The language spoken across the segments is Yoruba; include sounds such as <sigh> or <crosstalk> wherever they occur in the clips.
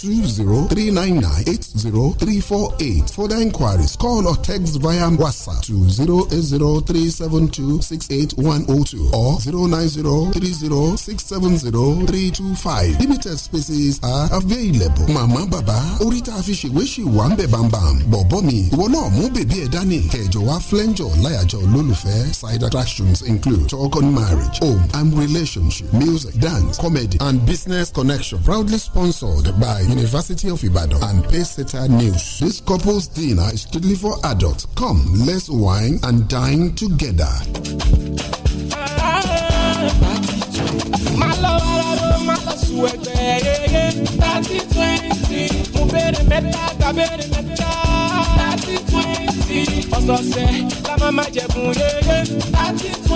two zero three nine nine eight zero three four eight. Further inquiries, call or text via WhatsApp to zero eight zero three seven two six eight one zero oh two or zero nine zero three zero six seven zero three two five. Limited spaces are available. Mama, Baba, orí tá a fi Bam Bam, Bobomi, ń bẹ̀ bàmbàm. Bọ̀bọ́ mi, ìwọ náà mú bèbí ẹ̀ dání. Kẹ̀jọ̀ wá Side attractions include talk on marriage, home and relationship, music, dance, comedy and business connection. Proudly sponsored by University of Ibadan and Pacesetter News. This couple's dinner is strictly for adults. Come, let's wine and dine together. jẹ̀bùn yéyé thirty twenty.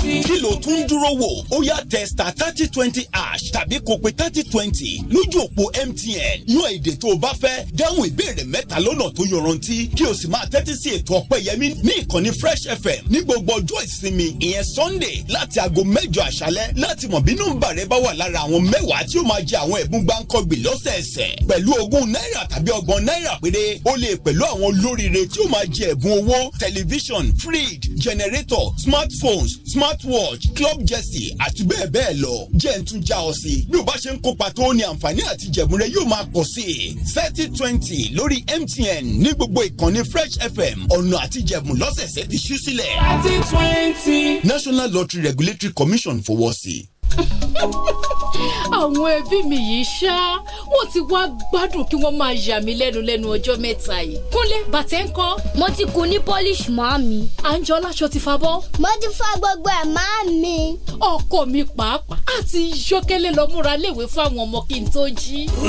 sí. kí ló tún dúró wò ó yá testa thirty twenty ash tàbí kó thirty twenty lójú òpó MTN yan èdè tó o bá fẹ́ dáhùn ìbéèrè mẹ́ta lọ́nà tó yọrantí kí o sì máa tẹ́tí sí ètò Ọpẹ́yẹmí ní ìkànnì Fresh FM ní gbogbo ọjọ́ ìsinmi ìyẹn Sunday láti aago mẹ́jọ àṣálẹ́ láti mọ̀ bí nọ́mbà rẹ bá wà lára àwọn mẹ́wàá tí ó máa jẹ àwọn ẹ̀bùn gbáǹkọ́gbì lọ́sẹ̀ẹsẹ̀ pẹ̀lú ogún náírà tàbí ọgbọ̀n náírà péré ó lè pẹ̀lú àwọn olóríire tí ó máa jẹ ẹ̀bùn owó tẹlifíṣàn fridge generator smartphones sm smartwatch club jersey àti bẹ́ẹ̀ bẹ́ẹ̀ lọ jẹ́ ń tún já ọ sí bí o bá ṣe ń kópa tó ní àǹfààní àti jẹ̀bùn yóò máa pọ̀ sí i thirty twenty lórí MTN ní gbogbo ìkànnì Fresh FM ọ̀nà àti jẹ̀bùn lọ́sẹ̀ẹ̀sẹ̀ ti ṣú sílẹ̀. thirty twenty National Lottery Regulatory Commission fowọ́ sí i àwọn ẹbí mi yìí ṣá wọn ti wá gbádùn kí wọ́n máa yà mí lẹ́nu lẹ́nu ọjọ́ mẹ́ta yìí. kúnlé bàtẹ́ ń kọ́. mo ti kun ní polish máa mi. àǹjọ́ láṣọ ti fa bọ́. mo ti fa gbogbo ẹ̀ máa mi. ọkọ mi pàápàá àti yọkẹlẹ lọ léwe fáwọn ọmọ kí n tó jí. ó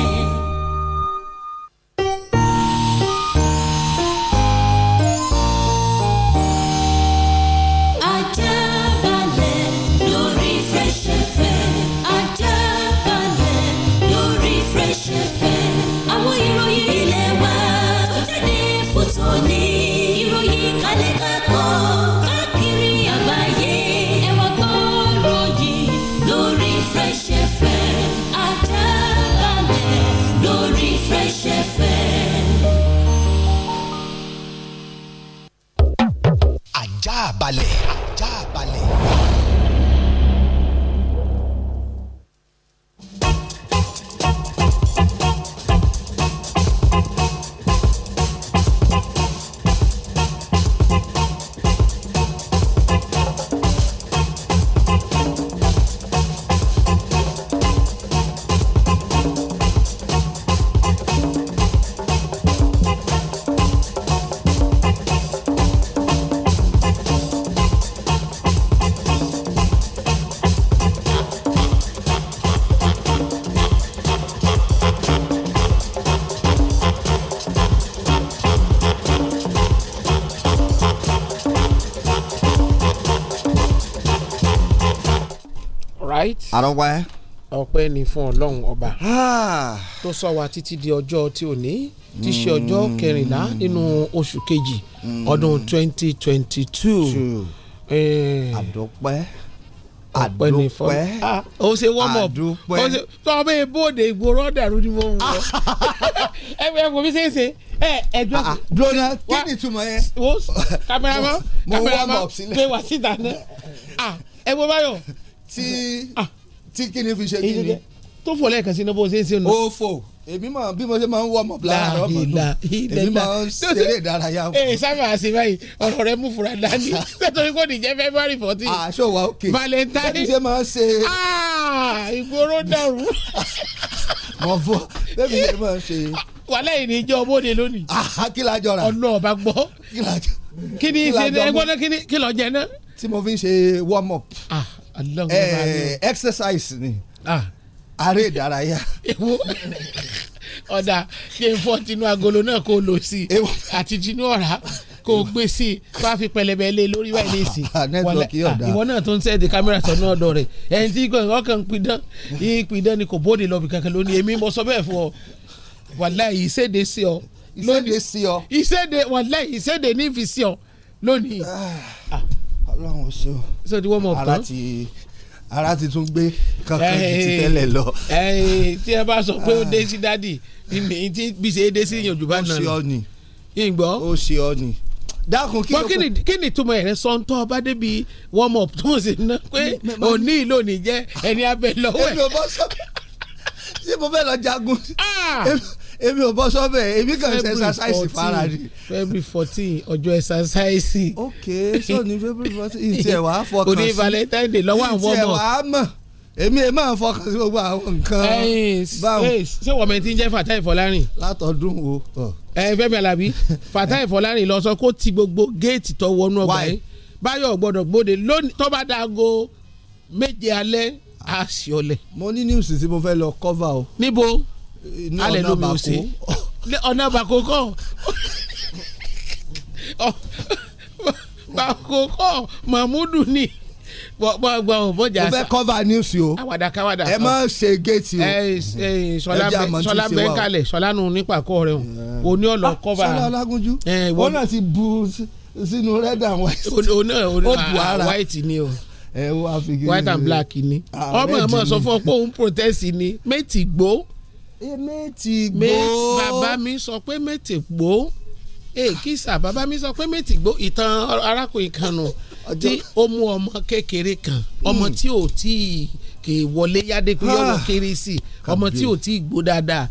àrọ́pá ẹ. ọpẹ́ ni fún ọlọ́run ọba ah. tó sọ wa títí di ọjọ́ tí ò ní ti ṣe ọjọ́ hmm. kẹrìnlá nínú oṣù kejì hmm. ọdún twenty twenty two. Hmm. Eh. àdọ́pẹ́ ọpẹ́ ní fọ ọ ṣe wọmọ ọ ṣe tọmọ ìbòde ìgboro ọdàrú ni mo ń wọ ẹ bẹ kò fi ṣe é ṣe ẹ ẹ jọ. Ah, ah. dona kí ni ìtumọ̀ yẹn. wo kameraman kameraman gbé wá síta náà ẹ wo báyọ̀. tí tí kí ni fi ṣe kí ni. tó fò lẹ́ẹ̀kan sí ní bó ṣe ń ṣe nù. ó fò èmi mọ bí mo ṣe máa ń wọ ọmọ bla ọmọ nù èmi máa ń ṣeré ìdárayá. ee sábà ṣe báyìí ọ̀rọ̀ rẹ mú fura dání nítorí kò ní jẹ́ February fourteen. aṣọ wa òkè Valentine ṣe máa ń ṣe. Ah, ìgboro dàrú. <laughs> mo fọ bẹ́ẹ̀ni ṣe máa ń ṣe. wàhálà yìí ni ìjọ ọmọdé lónìí. Ah, kí la jọra. ọ̀nà ọba gbọ́. kí ni ṣe ẹgbọ́n náà kí lọ jẹ náà. tí mo fi ń ṣe warm up. Ah. Eh, exercise ni ah. aré ìdárayá. ọ̀dà ṣe ń fọ́ tinú agolo náà kó lò sí i àti tinú ọ̀rá kó o gbé sí i kó a fi pẹlẹbẹ lé lórí wáyé lè sí ìwọ náà tó ń sẹ́ẹ̀dì kámẹ́rà sọ̀nù ọ̀dọ̀ rẹ̀ ẹni tí ọkàn ń pidán yìí pidán ni kò bóde lọ́ọ̀bì kankan lónìí èmi mo sọ bẹ́ẹ̀ fún ọ wàláhì ìṣèdè sí ọ ìṣèdè sí ọ ìṣèdè wàláhì ìṣèdè ní ìfi ọ lónìí. Ah. Ah. Ọlọ́run ṣe o. ṣé o ti wọ́n mọ̀ tán. ara ti ara ti tún gbé kankan ju ti tẹ́lẹ̀ lọ. tí ẹ bá sọ pé ó dé ah. sí dádì tí bí ṣe é dé sí yanjú bá nà. ó ṣe ọ ni. ìgbọ́. ó ṣe ọ ni dákun kí ló kó kí ni túmọ̀ ẹ̀rẹ́ sọ́ńtọ́ ọba débi warm up tó ń sè ná pé òní ìlò ní jẹ́ ẹni abẹ lọ́wọ́ ẹ̀. èmi ò bọ́ sọ́kẹ́ ṣé mo fẹ́ lọ jagun ah! èmi ò bọ́ sọ́bẹ̀ èmi kàn ṣe exercise fara ni. february fourteen ọjọ́ exercise. ok so ni february fourteen ìtì ẹ̀ wá fọkàn sí. òní valentine day lọ́wọ́ àwọn ọmọ. ìtì ẹ̀ wá mọ̀ èmi ẹ̀ máa fọkàn sí gbogbo àwọn nǹkan. ṣé wọ́n mẹ́tí ń jẹ́ Fatai Fọlárìn. látọ̀dún o. ẹ Fẹ́mi Alábí Fatai Fọlárìn lọ sọ kó ti gbogbo géètì tó wọnú ọgbà yìí báyọ̀ gbọ́dọ̀ gbòde lónìí tó bá daago méje alẹ́ àṣìọlẹ̀. mo ní news tí mo fẹ́ lọ cover o. níbo alẹ́ lómi ò ṣe ọ̀nà bàkó kọ́ bàkó kọ́ mahmudu ni gbọ́ bọ́jà sa. o fẹ́ cover news o. àwàdà káwàdà. ẹ má ṣe géètì o. ẹ sọlá bẹ kalẹ̀ sọlá nù nípa kọ́ rẹ̀ o ní ọ̀lọ́ ah, cover. sọlá ọlágúnjú wọn náà ti bu sínú red and white. o náà o náà ah, white ni o white and black ni ah, ọmọ ẹ sọ fún ọ pé òun protest ni méjì gbó mẹ́tì gbó bàbá mi sọ pé mẹ́tì gbó èkìsà bàbá mi sọ pé mẹ́tì gbó ìtàn arákùnrin kan nù tí ó mú ọmọ kékeré kan ọmọ hmm. tí ò tí kè wọlé yáde pé yọ̀ọ́ ah, kéré sí ọmọ tí ò tí gbó dáadáa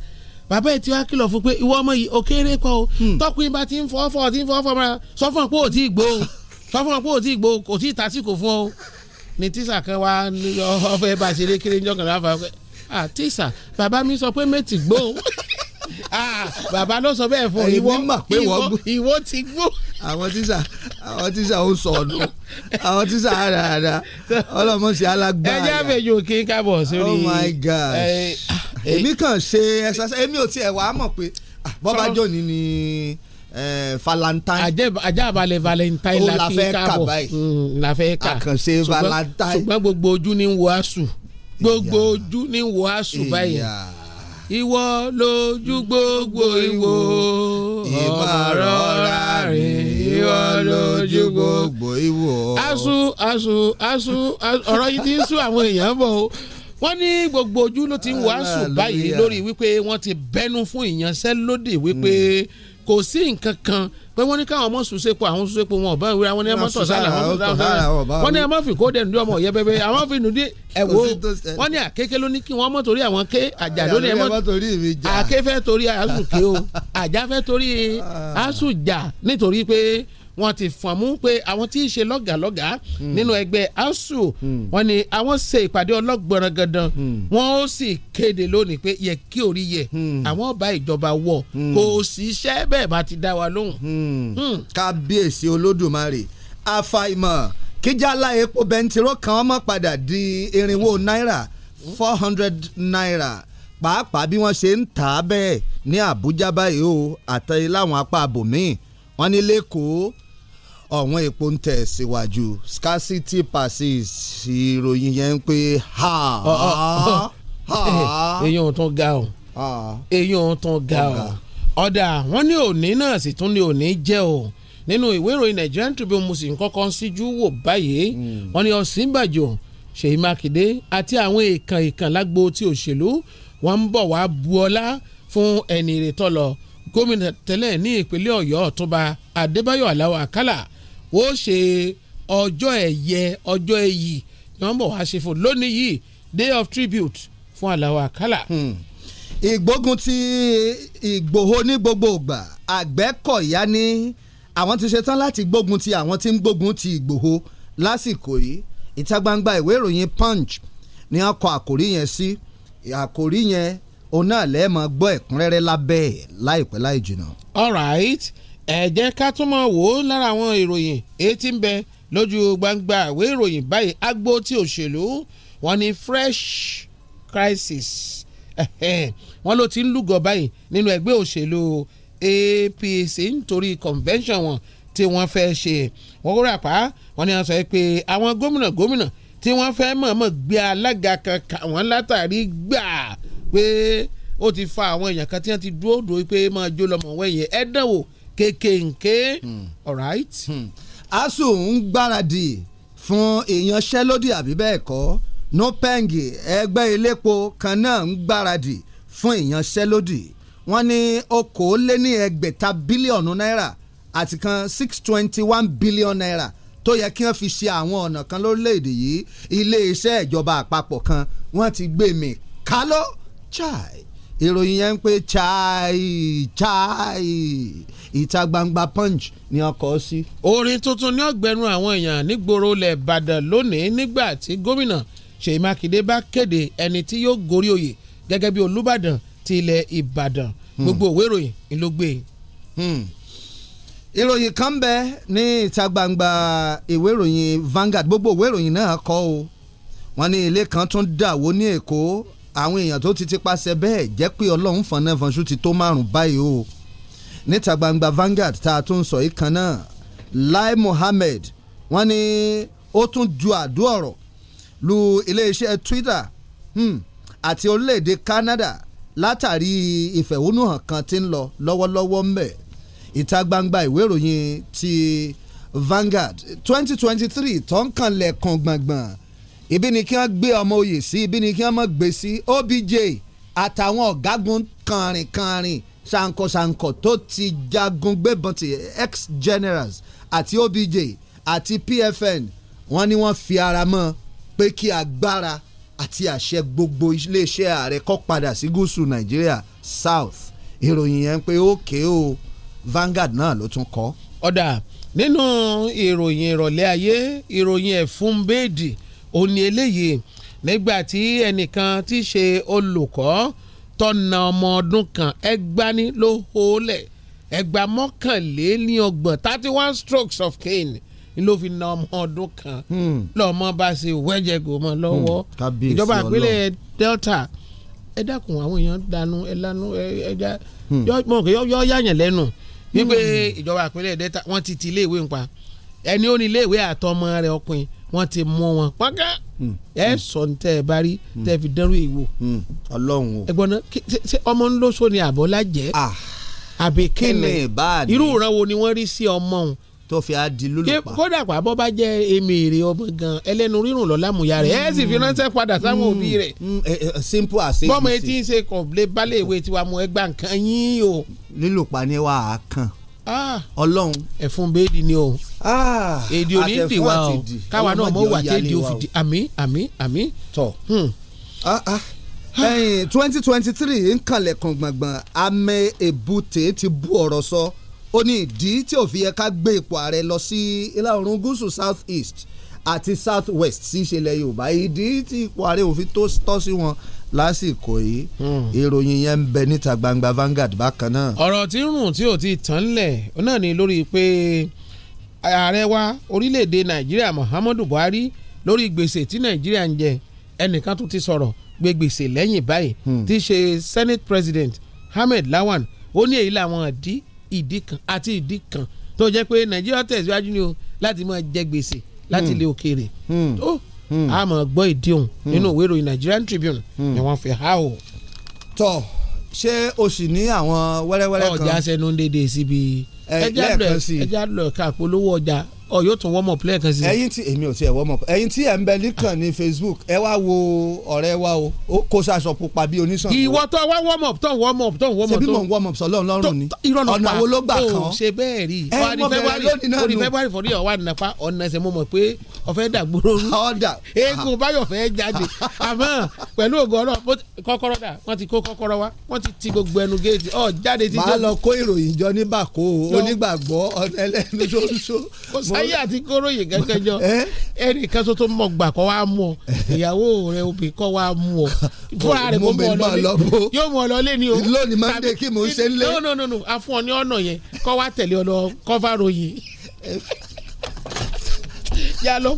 bàbá ẹ̀ tí wàá kìlọ̀ fún pé ìwọ ọmọ yìí ó kéré kọ́ o hmm. tọkùnrin bá ti ń fọ́ fọ́ ti ń fọ́ fọ́ mọ́ra sọ fún ọ pé ò tí gbó o sọ fún ọ pé ò tí gbó o kò tí ì tásìkò fún ọ ní tíṣà kan wá ọfẹ bá ṣe lé kéré níjọ kan láfa àtìsà ah, bàbá mi sọ pé méjì gbó ah, bàbá ló sọ bẹ́ẹ̀ fún ìwọ ìwọ ti gbó. àwọn tíṣà àwọn tíṣà ó sọnù àwọn tíṣà àràrà ọlọmọsí alágbára. ẹ jáde kí n kábọ̀ sórí. oh my god èmi kàn ṣe ẹsàsẹ èmi ò tiẹ̀ wàá mọ̀ pé ah, bọ́bá jòní ni valentine. àjàbalẹ̀ valentine la fi kábọ̀ mm, la fẹ́ kà àkànṣe valentine. ṣùgbọ́n gbogbo ojú ni ń wo aṣù gbogbo ojú ní wò á sùn báyìí ìwọ lójú gbogbo ìwò ìmọ̀rọ̀ra rẹ̀ ìwọ lójú gbogbo ìwò. asu asu asu ọ̀rọ̀ yìí ti ń sún àwọn èèyàn bọ̀ o wọ́n ní gbogbo ojú ló ti ń wàásù báyìí lórí wípé wọ́n ti bẹ́nu fún ìyanṣẹ́lódì wípé. Mm kò sí nǹkan kan pé wọ́n ní káwọn ọmọ sùsẹ́pọ̀ àwọn sùsẹ́pọ̀ wọn ọ̀bá ìwé àwọn ní ẹmọ tọ̀sálà wọ́n ní ẹmọ fi kó dẹnu ọmọ yẹ bẹbẹ àwọn fi nù dé <laughs> ẹ̀wò wọ́n ní àkéké ló ní kí wọ́n mọ̀ torí àwọn ké àjà ló ní ẹmọ àké fẹ́ torí asùn ké o <laughs> àjà fẹ́ torí asùn jà nítorí pé wọ́n ti fọ̀n mú pé àwọn tí í ṣe lọ́gàlọ́gà hmm. nínú ẹgbẹ́ asuu hmm. wọ́n ní àwọn ṣe ìpàdé ọlọ́gbọ̀nrán gandan hmm. wọ́n ó sì kéde lónìí pé yẹ kí orí yẹ àwọn ọba ìjọba wọ kò sí iṣẹ́ bẹ́ẹ̀ bá ti dá wa lóhùn. kábíyèsí olódùmarè àfàìmọ̀ kíjàlá epo bẹntiró kan ọmọ padà di irinwó náírà four hundred naira pàápàá bí wọ́n ṣe ń tà á bẹ́ẹ̀ ní Àbújá báyìí o àtẹ̀yẹ láwọn apá abòmíì wọ́n ní lẹ́kọ̀ọ́ ọ̀wọ́n epo ń tẹ̀ síwájú scarcity passes ìròyìn yẹn ń pé ha ha. èyí ohun tó ga o èyí ohun tó ga o ọ̀dà wọ́n ní òní náà sì tún ní òní jẹ́ o nínú ìwé ìròyìn Nigerian Tribune mo sì ń kọ́kọ́ ń síjú wò báyìí hmm. wọ́n ní Ọ̀sínbàjò Ṣèyí Mákindé àti àwọn èèkàn èèkàn lágbo ti òṣèlú wọ́n ń bọ̀ wá bu ọlá fún ẹni ìrètọ́ lọ gómìnà tẹ́lẹ̀ ní ìpínlẹ̀ Ọ̀yọ́ Ọ̀túnba Adébáyọ̀ Aláọ̀ Àkàlà ó ṣe ọjọ́ ẹ̀yẹ ọjọ́ èyí ni wọ́n bọ̀ wá ṣe fún lónìí yìí day of tribute fún Àlàó Àkàlà. Hmm. ìgbógun ti Ìgbòho ní gbogbo ìgbà Àgbẹ̀kọ̀yà ni àwọn ti ṣetán láti gbógun ti àwọn tí ń gbógun ti Ìgbòho lásìkò yìí ìta gbangba ìwé ìròyìn Punch ni wọ́n kọ yẹn sí àkòrí yẹn òun náà lẹ́ẹ̀ gbọ́ ẹ̀kúnrẹ́rẹ́ lábẹ́ ẹ̀ láìpẹ́ láì all right ẹ jẹ́ ká tún mọ̀ wò ó lára àwọn ìròyìn etí ń bẹ lójú gbangba ìwé ìròyìn báyìí agbó tí òṣèlú wọn ni fresh crisis wọn ló ti ń lúgọ báyìí nínú ẹgbẹ́ òṣèlú APC nítorí convention wọn tí wọ́n fẹ́ ṣe wọ́n kó ràpá wọ́n ní wọ́n sọ pé àwọn gómìnà gómìnà tí wọ́n fẹ́ mọ̀ọ́mọ̀ gbé alága kan kà wọ́n látàrí gbà pé ó ti fa àwọn èèyàn kan tí wọ́n ti dúró dúró pé máa jó lọ́mọ wẹ̀yẹ ẹ̀dánwò kékèké hmm. alright. Hmm. ASUU ń gbáradì fún ìyanṣẹ́lódì àbí bẹ́ẹ̀ kọ́ NUPENG ẹgbẹ́ elépo kan náà ń gbáradì fún ìyanṣẹ́lódì wọ́n ní okòóléní ẹgbẹ̀ta bílíọ̀nù náírà àti kan six twenty one billion naira tó yẹ kí wọ́n fi ṣe àwọn ọ̀nà kan lórílẹ̀‐èdè yìí iléeṣẹ́ ìjọba àpapọ̀ kan wọ́n ti gbé mi kálọ́ chai ìròyìn yẹn ń pé chai chai ìta gbangba punch ni ọkọ̀ sí. orin tuntun ní ọgbẹ́nu àwọn èèyàn nígboro ilẹ̀ ìbàdàn lónìí nígbà tí gómìnà ṣèyí mákindé bá kéde ẹni tí yóò gorí oyè gẹ́gẹ́ bí olùbàdàn ti ilẹ̀ ìbàdàn hmm. gbogbo òwe ìròyìn ni ló gbé. E. Hmm. ìròyìn kan bẹ ní ìta gbangba ìwé ìròyìn Vanguard gbogbo òwe ìròyìn náà kọ o wọ́n ní ilé kan tún dàwó ní èkó àwọn èèyàn tó ti ti paṣẹ bẹ́ẹ̀ jẹ́ pé ọlọ́run fọnà fọnṣú ti tó márùn báyìí o níta gbangba Vanguard tá a tún sọ yìí kan náà Lai Mohammed wọ́n ní ó tún ju àdó ọ̀rọ̀ lu iléeṣẹ́ Twitter hmm, àti orílẹ̀-èdè Canada látàrí ìfẹ̀hónúhàn kan tí ń lọ lọ́wọ́lọ́wọ́ mbẹ̀ ìta gbangba ìwé ìròyìn ti Vanguard twenty twenty three tó ń kanlẹ̀ kan gbàngbàn ibi ni kí wọ́n gbé ọmọ oyè sí ibi ni kí wọ́n mọ̀ gbé sí obj àtàwọn ọ̀gágun kànrìnkànrìn ṣàǹkọṣàǹkọ tó ti jagun gbébọn ti ex generals àti obj àti pfn wọ́n ní wọ́n fi ara mọ́ pé kí agbára àti àṣẹ gbogbo iléeṣẹ́ ààrẹ kó padà sí gúúsù nàìjíríà south ìròyìn yẹn pé ókè o Vanguard náà ló tún kọ. ọ̀dà nínú ìròyìn ìrọ̀lẹ́ ayé ìròyìn ẹ̀fúnbéèdì e ó ní eléyìí nígbà tí ẹnìkan tí í ṣe olùkọ́ tọ́nà ọmọ ọdún kan ẹgbani ló hólẹ̀ ẹgbà mọ́kànléní ọgbọ̀n thirty one strokes of cane ni ló fi na ọmọ ọdún kan hmm. lọ́mọ bá ṣe wẹ́jẹ̀gò mọ́ lọ́wọ́ hmm. ìjọba ìpínlẹ̀ Delta ẹ dákun àwọn èèyàn dànù ẹ lánú ẹ já mọ̀ kí yọ yàyàn lẹ́nu wípé hmm. ìjọba ìpínlẹ̀ Delta wọ́n ti ti iléèwé ń pa ẹni ó ní iléèwé àtọmọ rẹ̀ ọkùnrin wọ́n ti mú wọn pọ́nká hmm. ẹ hmm. sọ ní tẹ́ ẹ bá rí hmm. tẹ́ ẹ fi dẹ́rù ìwò. ọlọ́run o. ẹ̀gbọ́n náà ṣé ọmọ ńlọsọ ni àbọ̀lá jẹ́ ah. àbí kíni irú ìran wo ni wọ́n rí sí ọmọ òun tó fi á di lólùpá. kódà pa bọ́ bá jẹ́ èmi èrè ọmọ gan ẹlẹ́nu rírùn lọ́la mùyà rẹ̀ ẹ̀ sì fi ránṣẹ́ padà sáwọn òbí rẹ̀. Eh, eh, eh, simple as simple. bọ́mọ etí ń ṣe kọ̀ọ̀blé balẹ̀ ìwé tiwa mu ẹgbà nǹkan yín o. lílùpá ni wàá kàn ah. ọlọ́run. ẹ̀fun bẹ́ẹ̀dì ni o Ah, èdè òní dì wá o káwa náà mọ̀ wà tí èdè òfin di àmì àmì àmì. tọ hmm. ah, ah. twenty twenty three nkànlẹ̀ kan gbọ̀ngbọ̀n amẹ èbúté ti bú ọ̀rọ̀ sọ ó ní ìdí tí ò fi yẹ ká gbé ipò ààrẹ lọ sí ìlà oòrùn gúúsù south east àti south west sí ìṣẹ̀lẹ̀ yorùbá ìdí tí ipò ààrẹ òfin tó tọ́ sí wọn lásìkò yìí hmm. ìròyìn yẹn ń bẹ níta gbangba Vanguard bákan náà. ọ̀rọ̀ tí ń rùn tí ò ti tán lẹ̀ náà ni lórí pé. Pe ààrẹ wa orílẹ̀-èdè nàìjíríà muhammadu buhari lórí gbèsè tí nàìjíríà ń jẹ ẹnìkan tún ti sọ̀rọ̀ gbé gbèsè lẹ́yìn báyìí hmm. tí í ṣe senate president ahmed lawan ó ní èyí làwọn ìdí ìdí kan àti ìdí kan tó jẹ́ pé nàìjíríà tẹ̀síwájú ni o láti máa jẹ gbèsè láti hmm. ilé òkèèrè tó hmm. a máa gbọ́ ìdí òun nínú ìwé ìròyìn Nigerian Tribune ni wọ́n fi há o. tọ́ ṣé o sì ní àwọn wẹ́rẹ́wẹ́rẹ́ kan. ọjà sẹnu dédé síbi. Si lẹ́ẹ̀kan sí i. ẹ já lọ ẹ̀ka polówó ọjà ọ yóò tún warm up lẹ́ẹ̀kan sí. ẹ̀yin tí èmi ò tiẹ̀ warm up ẹ̀yin tí ẹ ń bẹ nìkan ní Facebook ẹ wá wo ọ̀rẹ́ wa o ó kó sàṣọ pupa bíi oníṣàn. ìwọ tó wá warm up tó ń warm up tó ń warm up tó. ṣebí mò ń warm up sọlọ́run lọ́rùn ni ọ̀nà wo ló gbà kan. o ṣe bẹ́ẹ̀ rí i wà ní February February fọ́rí ọ̀wá nàpa ọ̀nà ẹsẹ̀ mo mọ̀ pé ọ̀fẹ́ dàgbòrò rú eégún báyọ̀ fẹ́ jáde àmọ́ pẹ̀lú ògo ọ̀nà kọ́kọ́rọ́ dà wọ́n ti kó kọ́kọ́rọ́ wa wọ́n ti ti gbogbo ẹnu géètì ọ̀ jáde títí. màá lọ kó ìròyìn jọ ní bàkó onígbàgbọ́ ọ̀nà ẹlẹ́nu tó ń so láyé àti kóróyè gẹ́gẹ́ jọ <laughs> eh? ẹnì kan tó tó mọ̀ gbà kọ́ wa mú ọ ìyàwó rẹ obì kọ́ wa mú ọ fúnra rẹ mo mú ọ lọlé yóò mú ọ lọlé ni o lónìí máa ń dé kí mò ṣe ń lé. no no no a fún ọ ní ọ̀nà yẹn kọ́ wa tẹ̀lé ọ lọ kọ́fà ròyìn <laughs> yà lọ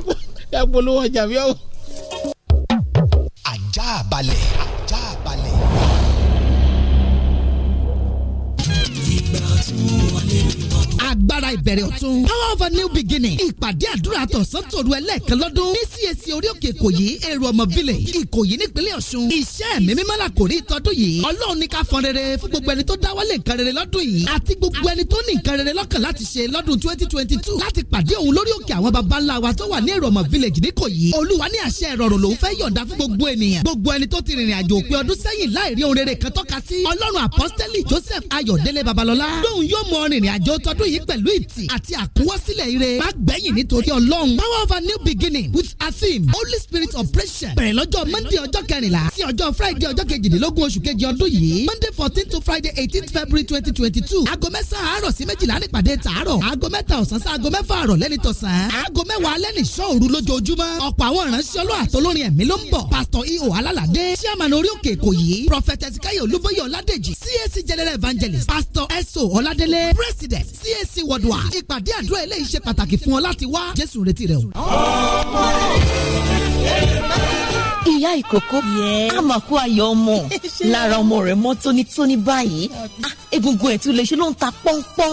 polówó ọjà mi ọ. ajá balẹ̀ ajá balẹ̀ agbára ìbẹ̀rẹ̀ ọ̀tun power of a new beginning ìpàdé àdúrà tọ̀sán tòru ẹlẹ́ẹ̀kan lọ́dún ní CAC orí òkè ìkòyí èrò ọmọ village ìkòyí nípínlẹ̀ ọ̀ṣun iṣẹ́ mi mímọ́ la kò rí ìtọ́dún yìí ọlọ́run ní ká fọn rere fún gbogbo ẹni tó dáwọ́lé nǹkan rere lọ́dún yìí àti gbogbo ẹni tó ní nǹkan rere lọ́kàn láti ṣe lọ́dún twenty twenty two láti pàdé òun lórí village níkòyí olúwa ní àṣẹ ìrọ̀rùn lòún fẹ́ yọ̀ǹda fún gbogbo ènìyàn gbogbo ẹni tó ti rìnrìn àjò òpin ọdún sẹ́yìn láì rí ohun rere kan tọ́ka sí ọlọ́run àpọ́stẹ́lì joseph ayọ̀délé babalọ́lá lóun yóò mọ rìnrìn àjò eléyìí pẹ̀lú ìtì àti àkúwọ́sílẹ̀ ire má gbẹ̀yìn nítorí ọlọ́run power of a new beginning with asim holy spirit operation bẹ̀rẹ̀ lọ́jọ́ monday ọjọ́ kẹrìnlá sí ọjọ́ friday ọjọ́ kejìdínlógún oṣù kejì ọdún yìí monday fourteen to friday eighteen february twenty twenty two aago mẹ́sàn-án àárọ̀ sí méjìlá nípàdé tààrọ̀ aago mẹ́ta ọ̀sán sí aago mẹ́fà àrọ̀ lẹ́ni tọ̀sán aago mẹ́wàá lẹ́ni sọ́ọ̀rù lójoojúmọ́ ọ̀pọ̀ àwọn ìránṣẹ́ ọlọ́ àtolórin ẹ̀mí ló ń e prophet ezekiel olúbóyè ọládèjì cac general evangelist pastor eso ọládélé president cac CAC worldwide ìpàdé àdúrà eléyìí ṣe pàtàkì fún ọ láti wá Jésù retí rẹ o. ìyá ìkókó àmàkù ayọ̀ ọmọ <laughs> lára ọmọ rẹ̀ mọ́ tónítóní báyìí ah, egungun ẹ̀ tún lè ṣe ló ń ta pọ́npọ́n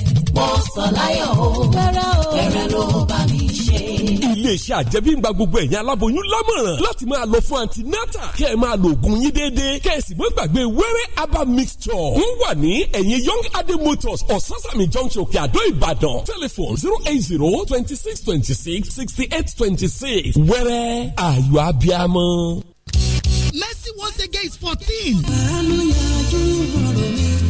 Bọ́sọ̀láyọ̀ o fẹ́rẹ́ o fẹ́rẹ́ ló bá mi gbogbo ẹ̀yin aláboyún lámọ̀ràn láti máa lọ fún antinata kẹ́ ẹ máa lo oògùn yín déédéé kẹ́ ẹ sì mọ́ gbàgbé wẹ́rẹ́ herbal mixture. Wọ́n wà ní ẹ̀yìn Young Adé Motors Ososami Junction Kíadó Ìbàdàn. Tẹlifon zero eight zero twenty six twenty six sixty eight twenty six. Wẹ́rẹ́ ayọ̀ abiamọ. Mercy once again is fourteen.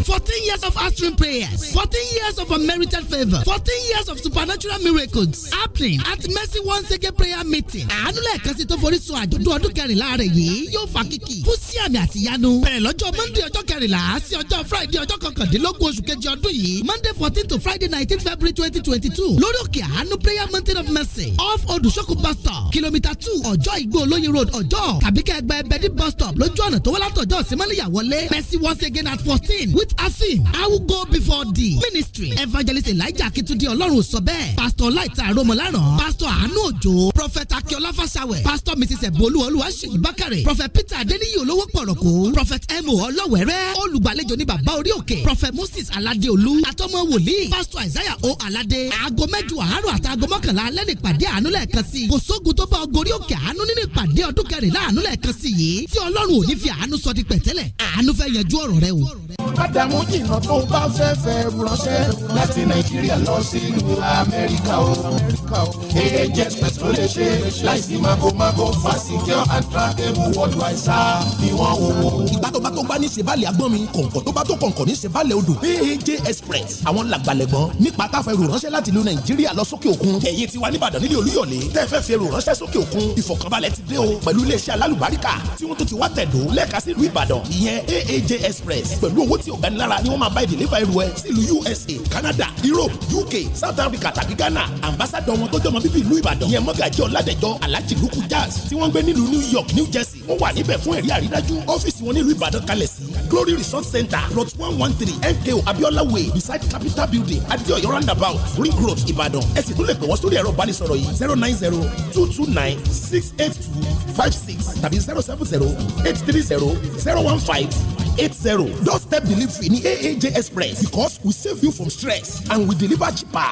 Fourteen years of answering prayers, fourteen years of unmerited favor, fourteen years of supernatural miracles happening at Mercy once again prayer meeting. Àánú lẹ́ẹ̀kan sí tó forí sun àjọ̀dún ọdún kẹrìnlá rẹ̀ yìí yóò fa kìkì. Fún sí àmì àti ìyanu. Bẹ̀rẹ̀ lọ́jọ́ Monday ọjọ́ kẹrìnlá sí ọjọ́ Friday ọjọ́ kọkàndínlógún oṣù kejì ọdún yìí. Monday fourteen to Friday nineteen February twenty twenty two. Lórí òkè àánú prayer mountain of mercy off Odùsókù bus stop kìlómítà two ọjọ́ Ìgbó Olóyin road ọjọ́ tàbí kẹ́gbẹ́ ẹbẹ̀dì opposite bus stop lójú ọ̀nà tó wọ́n látọ̀jọ́ símọ́níyà wọlé mercy once again at fourteen with asin i will go before the ministry evangelist elijah akitunde ọlọ́run sọ bẹ́ẹ̀ pastor laita aromolaran pastor anu ojo prophet akiola fasawẹ pastor mrs ebolu olúwaṣèyí bákàrẹ̀ prophet peter adeniyi olówó pọ̀rọ̀kọ́ prophet emo ọlọ́wẹ̀rẹ́ olùgbàlejò ní bàbá orí òkè prophet moses aladeolu atọ́mọ wòlíì pastor isaiah o alade aago mẹ́jọ àárọ̀ àti aago mọ́kànlá alẹ́ nípàdé àánú lẹ́ẹ̀kan sí i kò sóògùn tó bá ọgọ́rí òkè àánú nínú ìpàdé ọdún kẹrìnlá àánú lẹ́ẹ̀kan sí yìí yìí tí ọlọ́run ò ní fi àánú sọ di pẹ̀tẹ́lẹ̀ àánú fẹ́ yanjú ọ̀rọ̀ rẹ o. Ádámù jìnnà tó bá fẹ́ ránṣẹ́ láti Nàìjíríà lọ sílùú Amẹ́ríkà o. Èyí express ló lè ṣe láìsí magomago fásikẹ́ àtàkẹ́wò worldwide sá ni wọ́n wò ó. bá tó bá ní ṣèbálẹ̀ agbọ́n mi kọ̀ǹkọ̀ tó bá tó kọ̀ǹkọ̀ ní ṣèbálẹ̀ odò. AAJ Express àwọn làgbàlẹ̀gbọ́n nípa táfẹ́ ránṣẹ́ láti ìlú Nàìjíríà lọ sókè òkun. Ẹ̀yin tiwa níbàdàn nílé Olúyọ̀lé tẹ́ fẹ́ fi wọ́n tún ti wá tẹ̀dó lẹ́ka sílùú ìbàdàn ìyẹn aaj express pẹ̀lú owó tí ò gbani lára ni wọ́n máa bá ìdílébà ẹrù ẹ sílùú usa canada europe uk south africa tàbí ghana ambassadọ wọn tó jọmọ bíbí ìlú ìbàdàn ìyẹn mọ́gàjì ọ̀làdẹ̀jọ alhaji luku jazz tí wọ́n gbé nílùú new york new jersey wọ́n wà níbẹ̀ fún ẹ̀rí àrídájú ọ́fíìsì wọn nílùú ìbàdàn kalẹ̀ sí glory resort center plot one one three mko abiola way beside capital building adeoyo roundabout ring road Ibadan. ẹ sì tún lè pè wọ́n sórí ẹ̀rọ ìbánisọ̀rọ̀ yìí zero nine zero two two nine six eight two five six tàbí zero seven zero eight three zero zero one five eight zero step delivery ní aaj express because we save you from stress and we deliver cheaper.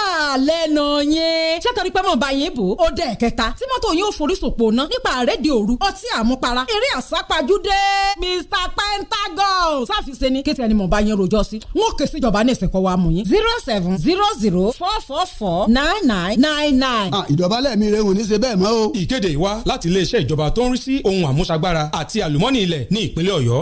lẹ́nu yẹn sẹ́tọ̀rí pẹ́ mọ̀ bá yẹn bò ó dẹ̀ kẹta tí mọ́tò yóò forísòpò ná nípa àrédè òru ọtí àmupara eré àsápajúdé Mr Pentagon sáfìsẹ́ ni kéte ẹni mọ̀ bá yẹn rojọ́ sí wọn kè síjọba ní ìsìnkú wa mú yín zero seven zero zero four four four nine nine nine nine. ìdọ̀bálẹ̀ mi rehun ní ṣe bẹ́ẹ̀ mọ́ o. ìkéde wa láti iléeṣẹ́ ìjọba tó ń rí sí ohun àmúṣagbára àti àlùmọ́nì ilẹ̀ ní ìpínlẹ̀ Ọ̀yọ́.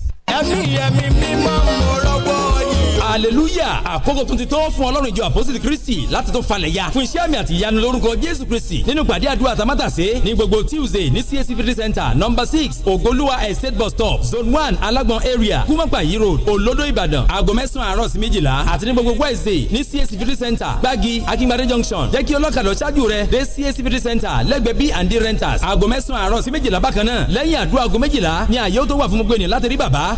ẹ̀mí ẹ̀mí mímọ́ mo rọ́wọ́ hallelujah àkókò tún ti tó fún ọlọ́run ìjọ àpọ́sítì kristi láti tún falẹ̀ ya fún iṣẹ́ àmì àti ìyanu lórúkọ jésù kristi nínú ìpàdé àdúrà tamátàsé ní gbogbo tuesday ní cac fifty center number six ogoluwa estate bus stop zone one Alagbon area kúmọ̀pàyí road olodo ìbàdàn aago mẹ́sàn-án àárọ̀ sí méjìlá àti ní gbogbo wednesday ní cac fifty center gbági akínbádé junction jẹ́ kí ọlọ́kadà ṣáájú rẹ dé cac fifty center lẹ́gbẹ̀ẹ́ b and d renters aago mẹ́sàn-án àárọ̀ sí méjìlá bákan náà lẹ́yìn àdúrà aago méjìlá ni àyè ó tó wà fún gbogbo ènìyàn láti rí bàbá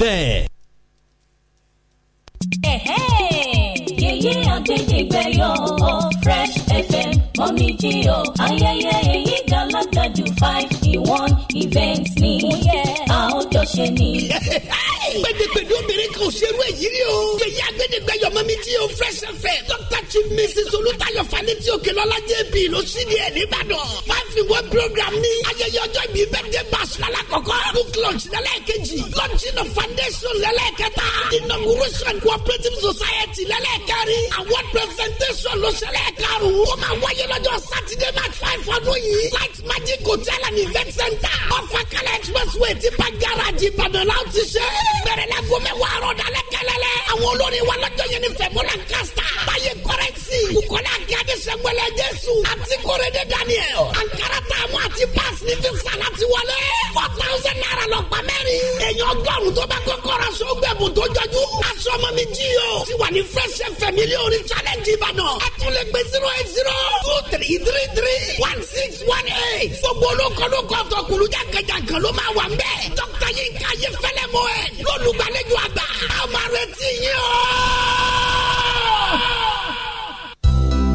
bẹ́ẹ̀. ẹ̀hẹ́ yẹyẹ àgbẹ̀dẹ̀gbẹ̀ yọ ọ Fresh FM mọ́mìjì o ayẹyẹ èyí gàlágàjù five in one event ni àwọn oh, jọ ṣe ni. <laughs> gbẹdẹgbẹdẹ obìnrin kan ò ṣerú èyí rí o. kèyí agbẹdẹgbẹ yọmọ mi ti o fresh fẹ. dr chief mrs olutayo faneti okelọla jb ló sì ní ẹ nìbàdàn. five in one program ní. ayẹyẹ ọjọ́ ìbí birthday bash lálẹ́ kọ̀kọ́. book launch lálẹ́ kejì. launching of foundation lálẹ́ kẹta. inauguration cooperative society lálẹ́ kẹrin. award presentation ló ṣẹlẹ̀ karùn-ún. ó máa wáyé lọ́jọ́ saturday march five ọdún yìí. light magic hotel and event center. ọ̀fà kala expressway ti pa garaji ìbàdàn láti ṣe é bẹ̀rẹ̀ la gomẹ wa rọda lẹ kẹlẹ lẹ. àwọn olórí wa lọ́jọ́ yẹn ni fẹ̀mọ́lá kásá. báyé kọ́rẹ́sì. kukọ́lá gadi sẹ́gbẹ́lẹ́ jésù. àti kórede daniel. ankara taamu àti paasi ní fi sàlá ti wọlé. four thousand naira lọ mẹ́rin. èèyàn ọgọ́rùn tó bá kọ́kọ́ ra so gbẹ̀bùn tó jọjú. asọ́mọ mi jí o. ti wà ní fresh fm mílíọ̀nù challenge ìbàdàn. ẹ tún lè gbé zero eight zero two three three three one six one eight. gbogbo olókòlókò tó kulujà kẹjà kan ló máa wà ń bẹ́ẹ̀. dókítà yín ká yé fẹ́lẹ́ mọ́ lọ́lùgbàlejò àgbà. a máa yín o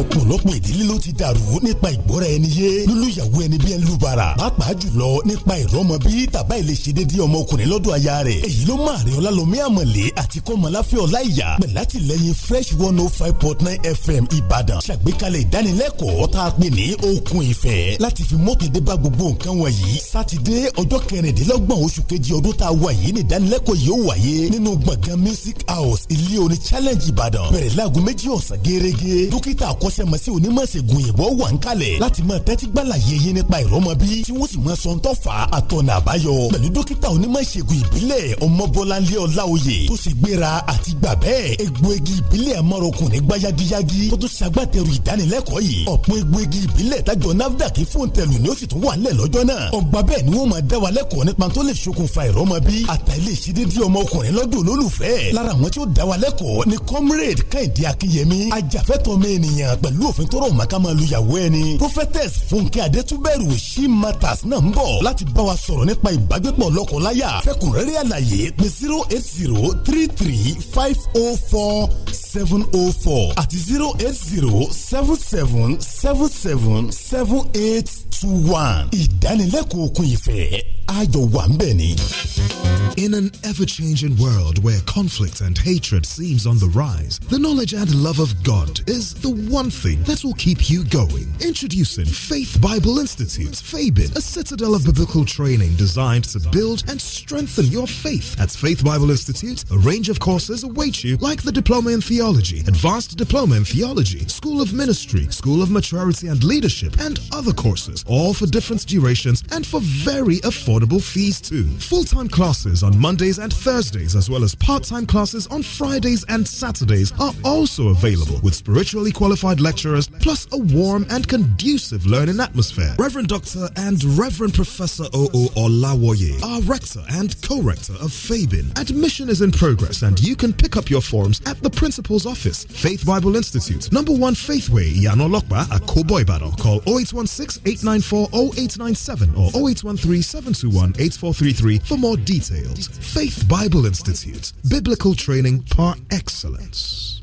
ọ̀pọ̀lọpọ̀ ìdílé ló ti dàrú nípa ìgbọ́ra ẹni yé lólùyàwó ẹni bí ẹni lùbàrà pàápàá jùlọ nípa ìrọmọ bí tàbá ilé ṣe déédéé ọmọkùnrin lọ́dọ̀ aya rẹ̀ èyí ló máa rí ọlálọ́mí àmọ̀lé àti kọ́mọláfẹ́ ọláìyá pẹ̀látìlẹ́yìn fresh one oh five point nine fm ìbàdàn ṣàgbékalẹ̀ ìdánilẹ́kọ̀ọ́ tá a pè ní okun ìfẹ́ láti fi mọ́tòdé bá gbogbo nǹkan wọ̀nyí sátidé ọjọ́ kẹrìndínlọ́gbọ̀n oṣù kejì ọdún tá a wà yìí ní ìdánilẹ́kọ̀ọ́ yóò wáyé nínú gbọ̀ngàn music house ilé orin challenge ìbàdàn bẹ̀rẹ̀ láago méjì ọ̀sán gẹ́gẹ́ dókítà k akọ́ṣẹ́mọṣẹ́ onímọ̀ ṣègùn ìbọn wà ń kalẹ̀ láti máa tẹ́tí gbàlàyé yín nípa ìrọ́mọbí tí wọ́n sì máa sọ àtọ̀nà àbáyọ pẹ̀lú dókítà onímọ̀ ìbílẹ̀ ọmọbọ́láńlé ọláoyè tó sì gbéra àti gbà bẹ́ẹ̀ egbòogi ìbílẹ̀ amọ̀rọ̀kùn ní gbáyagíyágí tó tún ṣagbátẹrù ìdánilẹ́kọ̀ọ́ yìí ọ̀pọ̀ egbòogi ìbílẹ̀ tájọ pẹ̀lú òfin tó rọ̀ mọ́ ká máa lu ìyàwó ẹni. prophetess fúnkẹ́ adétúbẹ̀rù she matters náà ń bọ̀ láti bá wa sọ̀rọ̀ nípa ìbágbépọ̀ lọ́kọ̀láyà fẹ́kùnrẹ́rẹ́ àlàyé pé zero eight zero three three five oh four seven oh four àti zero eight zero seven seven seven seven seven eight two one. ìdánilẹ́kọ̀ọ́ òkun ìfẹ́ ayọ̀ wà ń bẹ̀ ni. In an ever-changing world where conflict and hatred seems on the rise, the knowledge and love of God is the one something that will keep you going. Introducing Faith Bible Institute, Fabin, a citadel of biblical training designed to build and strengthen your faith. At Faith Bible Institute, a range of courses await you, like the Diploma in Theology, Advanced Diploma in Theology, School of Ministry, School of Maturity and Leadership, and other courses, all for different durations and for very affordable fees too. Full-time classes on Mondays and Thursdays, as well as part-time classes on Fridays and Saturdays, are also available with spiritually qualified qualified lecturers, plus a warm and conducive learning atmosphere. Reverend Dr. and Reverend Professor O.O. Olawoye are rector and co-rector of Fabin. Admission is in progress and you can pick up your forms at the principal's office, Faith Bible Institute, number 1 Faithway, Yanolokba, Akobo battle. Call 0816-894-0897 or 0813-721-8433 for more details. Faith Bible Institute, biblical training par excellence.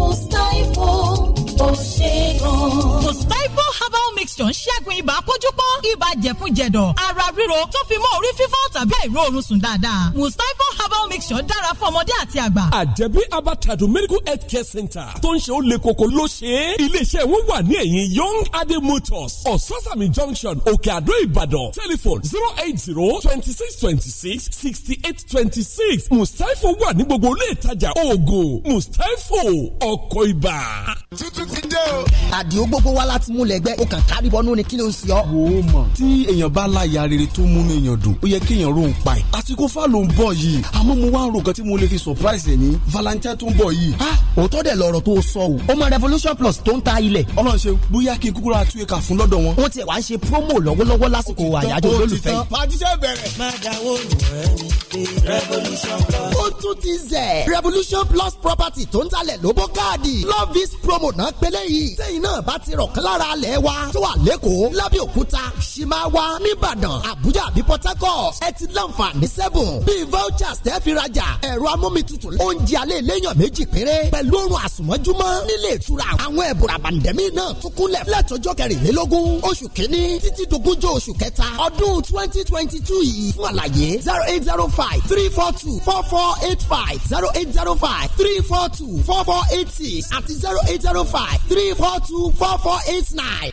Mustapha ó ṣe gan mixture ń ṣẹ́gun ibà kójúpọ́n ibà jẹ̀fun-jẹ̀dọ̀ ara ríro tó fi mọ́ orí fífọ́ tàbí àìróorun sùn dáadáa mustapha herbal mixture dára fún ọmọdé àti àgbà. àjẹbí abatadu medical health care center tó ń ṣe ó le koko ló ṣe é iléeṣẹ́ wọn wà ní ẹ̀yìn young ade motors ososami junction òkè àdó ìbàdàn telephone zero eight zero twenty six twenty six sixty eight twenty six mustapha wà ní gbogbo ilé oògùn mustapha ọkọ̀ ibà. tuntun ti dé o. àdìo gbogbo wa láti múlẹ̀ gbẹ́ ó kàn kárí bọ́nú ni kí ló ń ṣe wò ó mọ̀ tí èèyàn bá láya rere tó múnú èèyàn dùn ó yẹ kí èèyàn rò ń pa ẹ̀. àsìkò fà ló ń bọ̀ yìí àmọ́ mo wá ń ro nǹkan tí mo lè fi surprise ẹ̀ ní valentine tó ń bọ̀ yìí. a ah, òótọ́ dẹ̀ lọ̀rọ̀ tó sọ o ó mọ revolution plus tó ń ta ilẹ̀. ọlọ́run ṣe bóyá kí n kúkúrú àtúnyẹ kà fún lọ́dọ̀ wọn. wọ́n ti wá ń ṣe promo lọ́wọ́lọ́wọ́ lásìkò àyájọ́ olólùfẹ́. pàtíṣẹ́ tún ti zẹ̀ revolution plus property tó ń talẹ̀ lóbó káàdì love is promo náà pẹ́lẹ́ yìí. sẹ́yìn náà bá ti rọ̀ kán alẹ́ wa. tó tó wà lẹ́kọ̀ọ́ lábẹ́òkúta ṣìmáwá nìbàdàn àbújá àbí port harcourt ẹ ti láǹfààní sẹ́bùn bíi vouchers tẹ́ fi rajà ẹ̀rọ amómitutù oúnjẹ alẹ́ eléyàn méjì péré pẹ̀lú oorun àsùnmọ́júmọ́ nílé ìtura àwọn ẹ̀bùrà bàǹdẹ̀mí náà tún kúnlẹ̀ lẹ́tọ́jọ́ kẹrìnlélógún oṣù kínní títí dogúnjọ́ oṣù kẹta ọdún twenty twenty two yìí fún àlàyé zero eight zero five three four two four four eight five zero eight zero five three four two four four eight six àti zero eight zero five three four two four four eight nine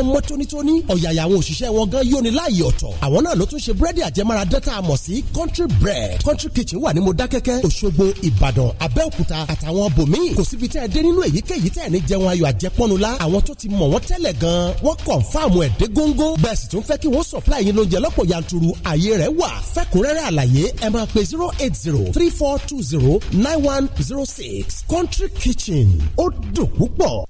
wọn mọ́ tónítóní ọ̀yàyà àwọn òṣìṣẹ́ wọn gan yóni láàyè ọ̀tọ̀ àwọn náà ló tún ṣe búrẹ́dì àjẹmára dẹ́ta àmọ̀ sí country bread country kitchen wà ní Modákẹ́kẹ́ Òṣogbo Ìbàdàn Abẹ́òkúta àtàwọn bòmíì kò síbi tẹ́ ẹ dé nínú èyíkéyìí tẹ́ ẹ ní jẹun ayọ̀ àjẹpọ́nula àwọn tó ti mọ̀ wọ́n tẹ́lẹ̀ gan wọ́n kọ̀ǹfàmù ẹ̀ dé góńgó bẹ́ẹ̀ sì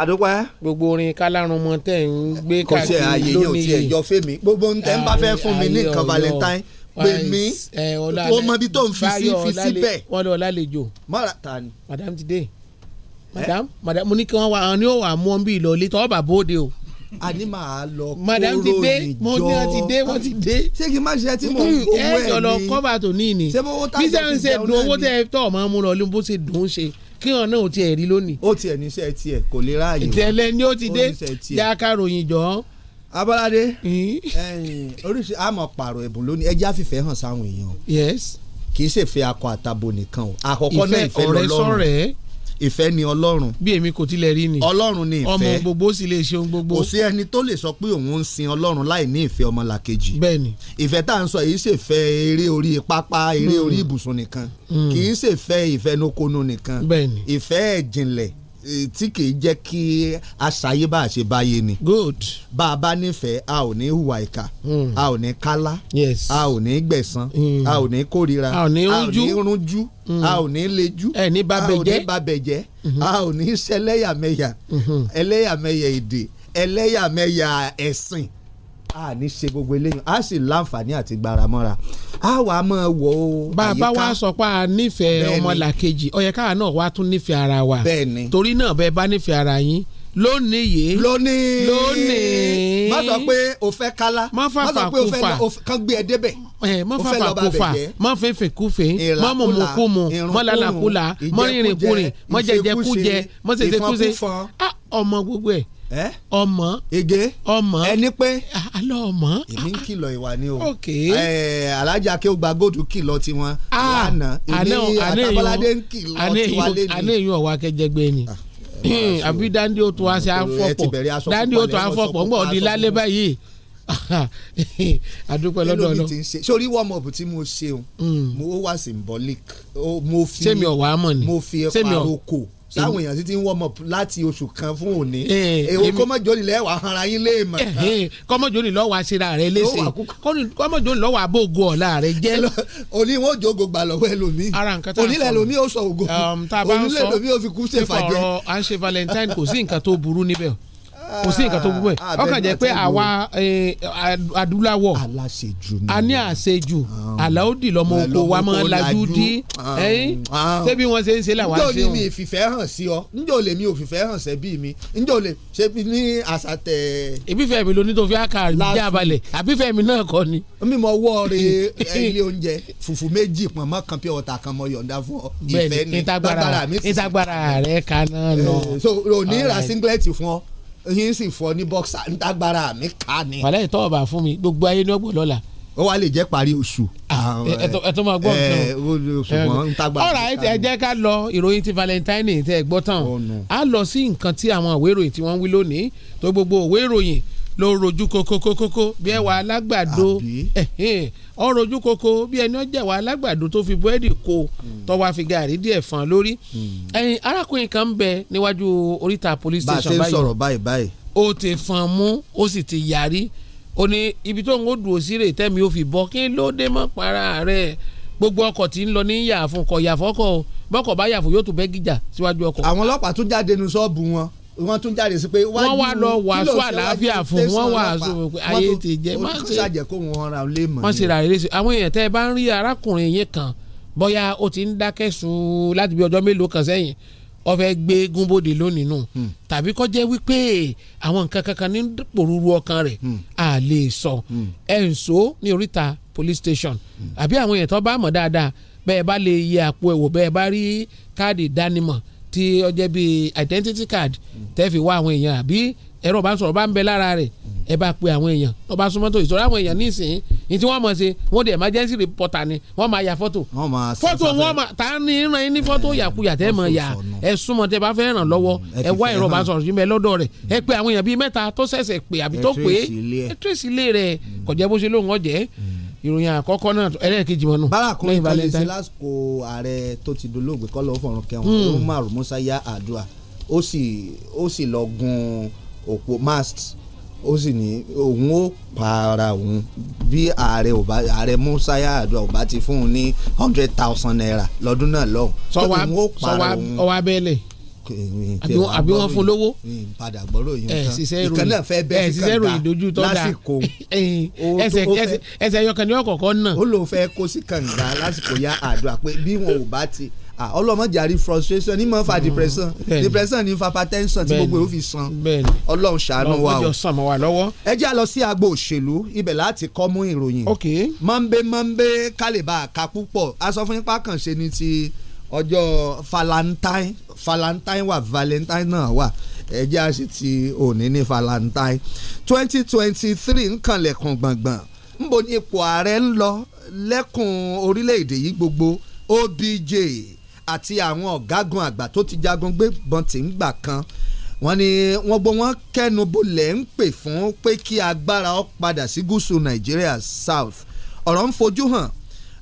àdúpẹ́. gbogbo orin kálárun mọ tẹ́ ń gbé káàkiri lónìí. kò sí àyè yóò tiẹ̀ jọ fèmí gbogbo ń tẹ́ ń bá fẹ́ fún mi ní nǹkan valentine pè mí o mọ ibi tó ń fi sí fi síbẹ̀. wọ́n lọ lálejò. mọ́ra ti dé madam mo ní kí wọ́n wá àwọn ni ó wà mú ọ bí ìlọlé tọ́ bà bóde o. a ní màá lọ kóró nìjọ madam ti dé mo ní wọn ti dé wọn ti dé. ṣé kí n má ṣe ẹ tí owó ẹ ní. ẹ jọ lọ kọ́bà ní ni. bí sẹ́yìn ṣe dùn owó tẹ́ tọ́ ọ̀ kí wọn náà ti ẹ̀ rí lónìí. ó tiẹ̀ níṣẹ́ tiẹ̀ kò lè ráàyè wá ni ó ti dé jáká ròyìn jọ. Abọ́ládé oríṣi àmọ̀ pààrọ̀ ẹ̀bùn lónìí ẹjẹ́ àfìfẹ́ hàn sáwọn èèyàn kì í ṣèfẹ́ akọ àtabo nìkan o àkọ́kọ́ náà ìfẹ́ lọ́lọ́run ìfẹ́ ni ọlọ́run. bí èmi kò tilẹ̀ rí ni. ọlọ́run ni ìfẹ́ ọmọ gbogbo sì lè ṣe ohun gbogbo. kò sí ẹni tó lè sọ pé òun ń sin ọlọ́run láì ní ìfẹ́ ọmọlàkejì. bẹ́ẹ̀ni. ìfẹ́ tá à ń sọ yìí ṣe fẹ́ eré orí pápá eré orí hmm. ibùsùn nìkan hmm. kì í ṣe fẹ́ ìfẹ́nukonu nìkan. bẹ́ẹ̀ni. ìfẹ́ ẹ̀jìnlẹ̀ Eh, tí kì jẹ́ kí aṣayé bá a ṣe báyé ni. good. bá a bá nífẹ̀ẹ́ a ò ní hùwà ìkà hmm. a ò ní kálá yes a ò ní gbẹ̀san hmm. a ò ní kórira a ò ní rúnjú hmm. a ò ní lejú ẹ ní babẹ̀jẹ́ a ò ní babẹ̀jẹ́ a ò ní ṣẹlẹ́yàmẹ̀yà ẹlẹ́yàmẹ̀yà èdè ẹlẹ́yàmẹ̀yà ẹ̀sìn a ní ṣe gbogbo eléyìí a sì láǹfààní àti gbaramọ́ra a wàá mọ̀ wò ó. bàbá wa sọ pé a nífẹ̀ẹ́ ọmọlàkejì ó yẹ káwa náà wá tún nífẹ̀ẹ́ ara wa torí náà bẹ́ẹ̀ bá nífẹ̀ẹ́ ara yín lónìí yìí lónìí lónìí má sọ pé o fẹ́ kálá má sọ pé o fẹ́ kán gbé ẹ débẹ̀ má fàfà kófà má fẹ́fẹ́ kúfẹ́ má mọ̀mọ́ kúmu má lálàkúlà má rìnrìn kúrìn má jẹjẹ kújẹ má ṣèṣe kúṣe ah, ọmọ gbogbo ẹ̀ ọmọ ege ọmọ ẹni pé alọ ọmọ èmi ń kìlọ̀ ìwà ni o alájà kí o gba góòdù kìlọ̀ tiwọn lánàá èmi àtàbọ̀ládé ń kìlọ̀ tiwa lé ní. àná èyàn ọ̀wá kẹjẹgbẹ́ ni ah, <clears throat> àbí dáńdé o tún wá sí afọ́pọ̀ dáńdé o tún afọ́pọ̀ ń bọ̀ ọ́ di báyìí àdúpẹ́ <laughs> lọ́dọ̀ lọ. sórí warm up tí mo ṣe o mm. mo wá symbolic mo fi mo fi paroko táwọn èèyàn ti ń warm láti oṣù kan fún òní eh, eh, eh, èwo kọ́mọ́jọ́ni lẹ́wà ara yín léèmọ̀. kọ́mọ́jọ́ni lọ́wọ́ aṣèrà rẹ léṣe kọ́mọ́jọ́ni lọ́wọ́ abóògù ọ̀la rẹ jẹ́. òní wọn ò jogo gbà lọ́wọ́ ẹlòmí onílẹ̀ lòmí ò sọ ògo onílẹ̀ lòmí ò fi kú ṣèfàjẹ́. ọ̀rọ̀ à ń ṣe Valentine kò sí nǹkan tó burú níbẹ̀ kò sí nǹkan tó burú ẹ̀ ah, ọkàn jẹ́ pé àwa eh, adúláwọ̀ a ní àṣejù ah. àláódì lọmọ oko wa máa lajú dí ẹ̀yìn eh? ah. ṣebí ṣe ń ṣe làwọn àṣehùn. níjọ́ ni mi fìfẹ́ hàn sí ọ níjọ́ lè mi ò fìfẹ́ hàn sẹ́bí mi níjọ́ lè ṣe ní àṣà tẹ̀. ìbífẹ́ mi ló ní tó fi àkà bí abalẹ̀ àbífẹ́ mi náà kọ́ ni. mi mọ wọ́ re <laughs> eh, ilé oúnjẹ fùfú méjì pọ̀nmọ́ kan pé ọ̀tà kan mọ yọ̀ǹda fún ọ ìfẹ́ ni ìtagbára rẹ̀ kaná lọ. so òní ra singlet fún ọ yín sì fọ ní bọ́ksà ntagbara mi ká ni. wàlẹ́ ìtọ́ ọ̀bà fún mi gbogbo ayé ní ọgbọ̀n lọ́la. ó wá lè jẹ́ parí oṣù. Ah, ẹ tó máa gbọ́ nǹkan o. ọ̀rọ̀ ayé ẹ jẹ́ ká lọ ìròyìn ti Valentine tẹ́ ẹ gbọ́ tán a lọ sí nǹkan tí àwọn ìwé ìròyìn tí wọ́n wí lónìí tó gbogbo ìwé ìròyìn ló rojú kókókókó bí ẹwà alágbàdo ọ rojú kókó bí ẹni ọjà ẹwà alágbàdo tó fi búrẹ́dì kó hmm. tọ́wọ́ fi gàrí díẹ̀ fan lórí hmm. ẹyin arákùnrin kan ń bẹ níwájú oríta police station báyìí bá a ṣe ń sọ̀rọ̀ báyìí báyìí ó ti fan mú ó sì ti yarí ó ní ibi tó ń ó dùn ó sí rè tẹ́mi ó fi bọ́ kí ló dé mọ́ para rẹ̀ gbogbo ọkọ̀ tí ń lọ ní yàfun kọ̀ yàfọ́kọ̀ bọ́kọ̀ bá yàfun yóò tún bẹ́ gíjà síwájú ọkọ̀. àwọn ọlọ́pàá tún jáde nu ṣọ́ọ̀bù wọn wọ́n tún jáde sí pé wájú wọ́n wá lọ wàásù àlàáfíà fún wọ́n wàásù ayé ti jẹ́ má ṣe ṣàjẹ́ kó wọn ra lé mọ́. wọ́n ṣe ra ilé sí àwọn èèyàn tẹ́ ẹ bá ń rí arákùnrin yín kan bóyá ó ti ń dákẹ́ sùn láti bí ọjọ́ mélòó kan sẹ́yìn ọfẹ gbé gúnbòde lónìí nù hmm. tàbí kó jẹ́ wípé àwọn nǹkan kankan ní pòrúurú ọkàn rẹ̀ à hmm. lè sọ hmm. ẹ̀ ń so ní oríta police station àbí àwọn èèyàn tó bá mọ̀ dáadáa bẹ́ẹ̀ bá lè yẹ àpò ẹ̀wò bẹ́ẹ̀ bá rí káàdì ìdánimọ̀ tí ó jẹ́ identity card tẹ́ fi wá àwọn èèyàn àbí ẹ̀rọ bá ń sọ̀rọ̀ bá ń bẹ lára rẹ̀ ẹ bá pe àwọn èèyàn tó bá súnmọ́ tó ìṣòro àwọn èèyàn nísìnyí ní tí wọ́n mọ̀ ṣe wọ́n di emergency reporter ni wọ́n máa ya fọ́tò fọ́tò wọn máa ta ni ràn yín ní fọ́tò yàkuyà tẹ́ mọ̀ ya ẹ súnmọ́ tẹ́ bá fẹ́ ràn lọ́wọ́ mm, ẹ wá ẹ̀rọ bá sọ̀rọ̀ yín bẹ lọ́dọ̀ rẹ̀ ẹ pe àwọn èèyàn bíi mẹ́ta tó ṣẹ̀ṣẹ̀ pè àbí tó pè é ẹ tírèsì ilé rẹ̀ kọjá bó ṣe lóun ọ̀jẹ̀ ìròyìn àkọ́kọ́ náà ẹlẹ́ẹ̀kejì mọ́nú. bárakùn ní kọ́lé sí lásìkò ààrẹ tó ti dolóògbé kọ́ lọ́ọ́ fọ̀rùn kẹwọn Umar hmm. Musa ya Adua ó sì lọ gun òpó mast ó sì ní òun ó para òun bí ààrẹ ò ààrẹ Musa ya Adua ò ti fún un ní hundred thousand naira lọ́dún náà lọ́hùn. sọ wa sọ wa ọwọ́ abẹ́lẹ̀ àbí wọ́n fún lówó padà gbọ́rọ̀ yìí nǹkan ìkànnà fẹ́ bẹ́ẹ̀ sí kànga lásìkò <laughs> ẹsẹ̀ ẹyọkàn ní ọ̀kọ̀ọ̀kọ̀ náà. ó lóun fẹ́ kó sí kànga lásìkò ya àdúrà pé bí wọn ò bá ti ọlọ́mọdé àrí frustration ní mọ̀ fa mm, depression depression ní fa hypertension tí gbogbo yóò fi san ọlọ́run ṣàánú wa o. ẹ jẹ́ a lọ sí agbo òṣèlú ibẹ̀ láti kọ́ mú ìròyìn mọ́ńbé mọ́ńbé kálíbà kà púpọ̀ a sọ fún yín pákànṣe ni ti. Okay ọjọ́ valentine valentine wa valentine náà wà ẹjẹ́ a sì ti òní ní valentine twenty twenty three nkanlẹ̀kùn gbọ̀ngbọ̀n nbo ni ipò ààrẹ ń lọ lẹ́kùn orílẹ̀-èdè yìí gbogbo obj àti àwọn ọ̀gágun àgbà tó ti jagun gbébọn tí ń gbà kan wọ́n ní wọ́n gbọ́ wọ́n kẹ́nu bolẹ̀ ń pè fún pé kí agbára ó padà sí gúúsù nàìjíríà south ọ̀rọ̀ ń fojú hàn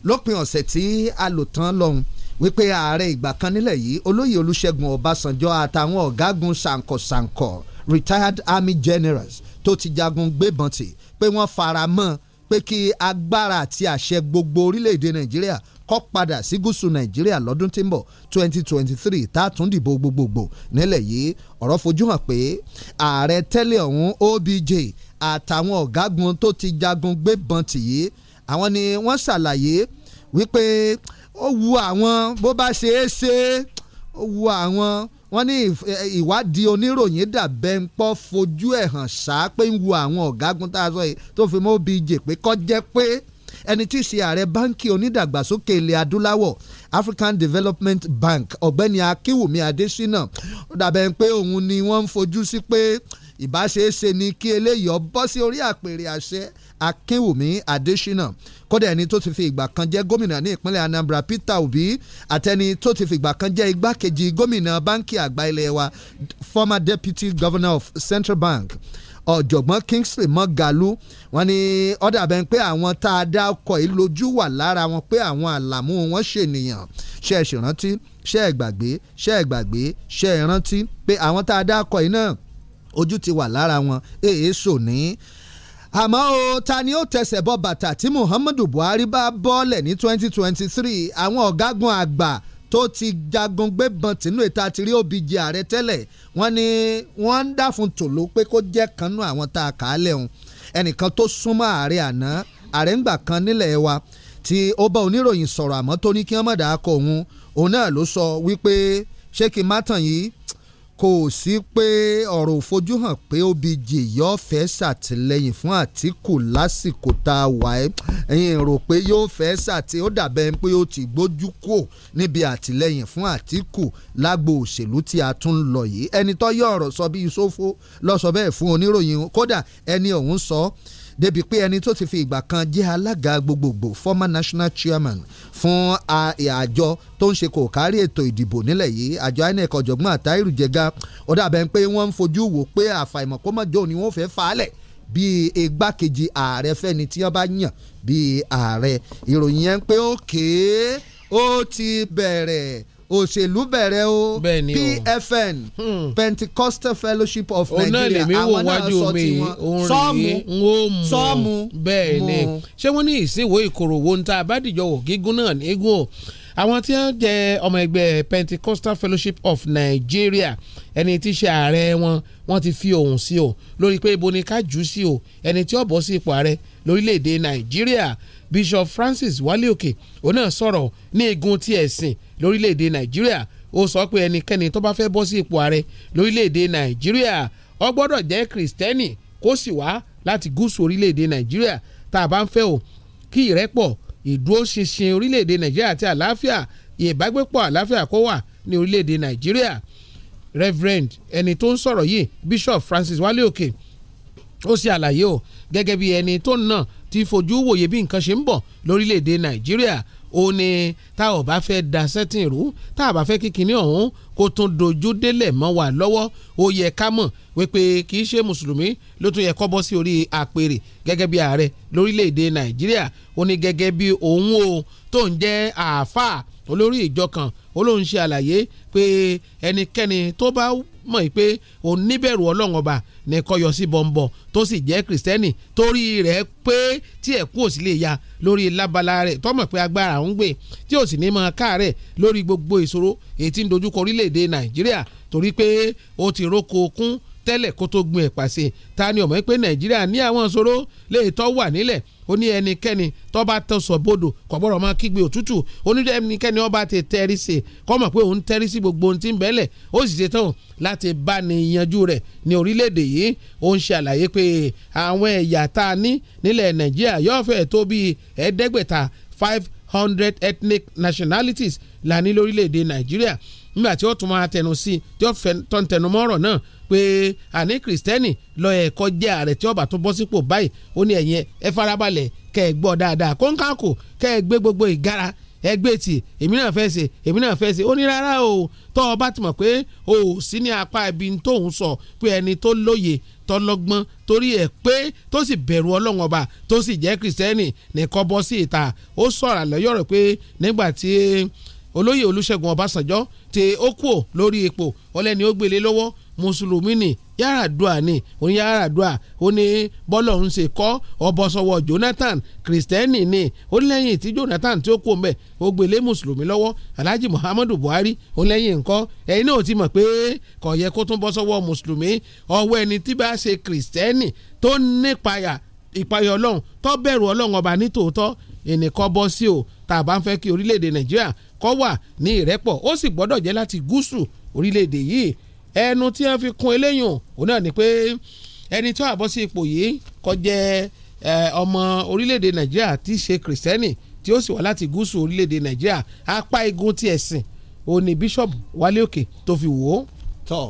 lópin ọ̀sẹ̀ tí a lò tán lọ́hùn wípé ààrẹ ìgbà kan nílẹ̀ yìí olóyè olúṣẹ́gun ọbásanjọ́ àtàwọn ọ̀gágun ṣàǹkọ̀ṣàǹkọ̀ retired army generals tó ti jagun gbébọn tì pé wọ́n fara mọ́ pé kí agbára àti àṣẹ gbogbo orílẹ̀-èdè nàìjíríà kó padà sí gúúsù nàìjíríà lọ́dún tí ń bọ̀ 2023 tààtún dìbò gbogbogbò nílẹ̀ yìí ọ̀rọ̀ fojú hàn pé ààrẹ tẹ́lẹ̀ ọ̀hún obj àtàwọn ọ̀gágun tó ti jagun gbébọn tì yìí àwọn ni wọ́n ṣàlàyé wípé ó wu àwọn bó bá ṣe é ṣe ó wu àwọn wọ́n ní ìwádìí oníròyìn dàbẹ́ńpọ́ fojú ẹ̀ hàn ṣáá pé ń wu àwọn ọ̀gágun tá a sọ yìí tó fi mọ́ bíi jè pé pé ẹni tí í ṣe ààrẹ báńkì onídàgbàsókè ilẹ̀ adúláwọ̀ African Development Bank ọ̀gbẹ́ni Akínwùmí Adésínà ó dàbẹ̀ pé òun ni wọ́n ń fojú sí pé ìbáṣeéṣe ni kí eléyìí ọ bọ́ sí orí àpèrè àṣẹ akéwùmí adésínà kódà ẹni tó ti fi ìgbà kan jẹ́ gómìnà ní ìpínlẹ̀ anambra peter obi àtẹni tó ti fi ìgbà kan jẹ́ igbákejì gómìnà báńkì àgbà ilé wa former deputy governor of central bank ọ̀jọ̀gbọ́n Kingsley Mọ́gàlú wọ́n ní ọ̀dà bẹ́ẹ̀ pé àwọn tá a dá ọkọ̀ yìí lójú wà lára wọn pé àwọn àlàmú wọn ṣènìyàn ṣe é ṣèrántí ṣe é gbàgbé ṣe é gbàgbé ṣe é rántí pé àwọn tá a dá ọkọ̀ yìí náà ojú ti wà lára wọn èèṣò ní. E, e, àmọ́ o ta ni ó tẹsẹ̀ bọ bàtà tí Muhammadu Buhari bá bọ́ọ̀lẹ̀ ní 2023 àwọn ọ̀gágun àgbà tó ti jagun gbébọn tìǹú ìta ti rí òbíje ààrẹ tẹ́lẹ̀ wọ́n ní wọ́n ń dáfun tòló pé kó jẹ́ kanú àwọn tá a kà á lẹ́hùn ẹnìkan tó súnmọ́ ààrẹ àná ààrẹ ńgbà kan nílẹ̀ wa tí ó bá oníròyìn sọ̀rọ̀ àmọ́ tó ní kí wọ́n mọ̀dà kọ òun òun náà ló sọ wípé ṣé kí n má tàn yìí kò sí pé ọ̀rọ̀ òfojú hàn pé Obj yóò fẹ́ ṣàtìlẹ́yìn fún Àtíkù lásìkò tá a wà ẹ́ ẹ̀yin rò pé yóò fẹ́ ṣàtì ó dàbẹ̀ pé ó ti gbójú kò níbi àtìlẹ́yìn fún Àtíkù lágbo òṣèlú tí a tún lọ yìí ẹni tó yọ ọ̀rọ̀ sọ bíi ṣófo lọ sọ bẹ́ẹ̀ fún oníròyìn kódà ẹni ọ̀hún sọ ọ́ débi pé ẹni tó ti fi ìgbà kan jẹ́ alága gbogbogbò former national chairman fún àjọ tó ń ṣe kò kárí ètò ìdìbò nílẹ̀ yìí àjọ INEC ọ̀jọ̀gbọ́n Àtàírù Jẹga ó dàbẹ̀ pé wọ́n ń fojú wò pé àfàìmọ̀ kó mọ̀jọ́ òní wọ́n fẹ́ fàálẹ̀ bíi igbákejì ààrẹ fẹ́ni tí wọ́n bá yàn bíi ààrẹ ìròyìn yẹn pé ó kéé ó ti bẹ̀rẹ̀ òṣèlú bẹ̀rẹ̀ o PFN hmm. Pentecostal Fellowship of Nigeria àwọn náà sọ ti wọn sọ́ọ̀mù sọ́ọ̀mù bẹ́ẹ̀ ni ṣé wọ́n ní ìsìnwó ìkòròwò ń ta àbádìjọwò gígùn náà nígùn o àwọn tí wọ́n jẹ́ ọmọ ẹgbẹ́ Pentecostal Fellowship of Nigeria ẹni tí í ṣe ààrẹ wọn wọ́n ti fi ohùn sí o lórí pé ibo ni ká jù ú sí o ẹni tí ó bọ́ sí ipò ààrẹ lórílẹ̀‐èdè Nàìjíríà Bishop Francis Wálé Òkè òun náà sọ̀rọ̀ ní igun tí ẹ̀sìn lórílẹ̀‐èdè nàìjíríà ó sọ pé ẹnikẹ́ni tó bá fẹ́ bọ́ sí ipò ààrẹ lórílẹ̀‐èdè nàìjíríà ó gbọ́dọ̀ jẹ́ kìrìsìtẹ́nì kó sì wá láti gúúsù orílẹ̀‐èdè nàìjíríà tá a bá ń fẹ́ o kí ìrẹ́pọ̀ ìdúróṣinṣin orílẹ̀‐èdè nàìjíríà àti àlàáfíà ìbágbépọ̀ àlàáfíà kó wà ní orílẹ̀‐èdè nàìjíríà reverend ẹni tó ń sọ̀rọ̀ yìí bishop francis wálé òkè ó ṣe àlàyé o gẹ́gẹ́ bí ẹni tó ń nà ti fojú wòye bí nǹkan ṣe ń bọ̀ lórílẹ̀‐èdè nàìjíríà ó ní tá ò bá fẹ́ da sẹ́tìn rú tá a bá fẹ́ kíkiní ọ̀hún kó tún dojú délẹ̀ mọ́ wa lọ́wọ́ ó yẹ ká mọ̀ wípé kì í ṣe mùsùlùmí ló tún yẹ kó bọ́ sí orí àpèrè gẹ́gẹ́ bí ààrẹ lórílẹ̀‐èdè nàìjíríà ó ní gẹ́gẹ́ bí òun o tó ń jẹ́ àáfàá olórí ìjọ kan ṣe àlàyé pé ẹnikẹ́ni tó bá mọ̀ pé òun níbẹ̀rù ọlọ́run ọba ní kọyọ sí bọ̀ǹbọ̀ tó sì jẹ́ kìrìsìtẹ́nì torí rẹ̀ pé tí ẹ̀ kú òsì lè ya lórí lábala rẹ̀ tọ́mọ̀ pé agbára ń gbé tí ò sì ní máa káàárẹ̀ lórí gbogbo ìṣòro èyí tí ń dojúkọ orílẹ̀-èdè nàìjíríà torí pé ó ti róko kún tẹ́lẹ̀ kó tó gun ẹ̀pàṣẹ ta ni ọ̀mọ́ pé nàìjíríà ní àwọn ìṣòro lè tọ́ wà nílẹ̀ ó ní ẹnikẹ́ni tó bá tọ̀sọ̀ bodò kò gbọ́dọ̀ máa kígbe òtútù ó ní ẹnikẹ́ni ó bá ti tẹ́rí sí kó mọ̀ pé òun tẹ́rí sí gbogbo ohun tí ń bẹ́lẹ̀ ó sì ṣe tán láti bá ní yanjú rẹ̀ ní orílẹ̀-èdè yìí ó ń ṣe àlàyé pé àwọn ẹ̀yà tá a ní nílẹ̀ Nàìjíríà yóò fẹ́ tó bíi ẹ̀ẹ́dẹ́gbẹ̀ta five hundred ethnic nationalities la ní lórílẹ̀-èdè Nàìjíríà nígbà tí ó tún máa tẹnu sí tí ó tọ́ ń tẹnu mọ́rọ̀ náà pé àní kìrìsìtẹ́nì lọ ẹ̀kọ́ jẹ́ ààrẹ tí ọba tó bọ́ sípò báyìí ó ní ẹ̀yẹn ẹ farabalẹ̀ kẹ́ ẹ gbọ́ dáadáa kọ́ńkàkò kẹ́ ẹ gbé gbogbo ìgara ẹgbẹ́ tì èmi náà fẹ́ ṣe èmi náà fẹ́ ṣe ó ní rárá o tọ́ ọba ti pé o ò sí ní apá ibi tóun sọ pé ẹni tó lóye tọlọ́gbọ́n torí ẹ̀ pé tó sì bẹ̀rù ọlọ́run ọba tó sì jẹ́ kìrìsìtẹ́nì nìkan bọ́ sí ìta ó sọ̀rọ̀ lọ́yọ̀rọ̀ pé nígbà tí olóyè olúṣẹ̀gun ọbásanjọ́ tí ó kú ò lórí ipò ọlẹ́ni ó gbélé lọ́wọ́ mùsùlùmí ni Yar'Adua ni òní Yar'Adua ó ní bọ́lọ̀ ń ṣe kọ́ ọbọ̀ sọ̀wọ́ Jonathan kristẹni ni ó lẹ́yìn tí Jonathan tí ó kú mbẹ́ ó gbélé mùsùlùmí lọ́wọ́ Alhaji Muhammadu Buhari ó lẹ́yìn nǹkan ẹ̀yin náà ti mọ̀ pé kò yẹ kó tún bọ́ sọ́wọ́ mùsùlùmí ọwọ́ ẹni tí bá ṣe kristẹni tó nípayà ìpayà ọlọ́run tó bẹ̀rù ọlọ́run ọba nítòótọ́ ẹnìkan bọ́ sí o tá ń fẹ́ kí orílẹ̀-èdè Nàìjíríà kó wà ní ìrẹ́pọ̀ ó sì gbọ́dọ̀ jẹ́ láti gúúsù orílẹ̀-èdè yìí ẹnu tí wọ́n fi kún eléyìí òun náà ni pé ẹni tó àbọ̀ sí ipò yìí kó jẹ́ ọmọ orílẹ̀-èdè nàìjíríà tí í ṣe kìrìsìtẹ́nì tí ó sì wá láti gúúsù orílẹ̀-èdè nàìjíríà apá igun ti ẹ̀sìn òní bíṣọ̀bù wálé òkè tó fi wò ó. tọ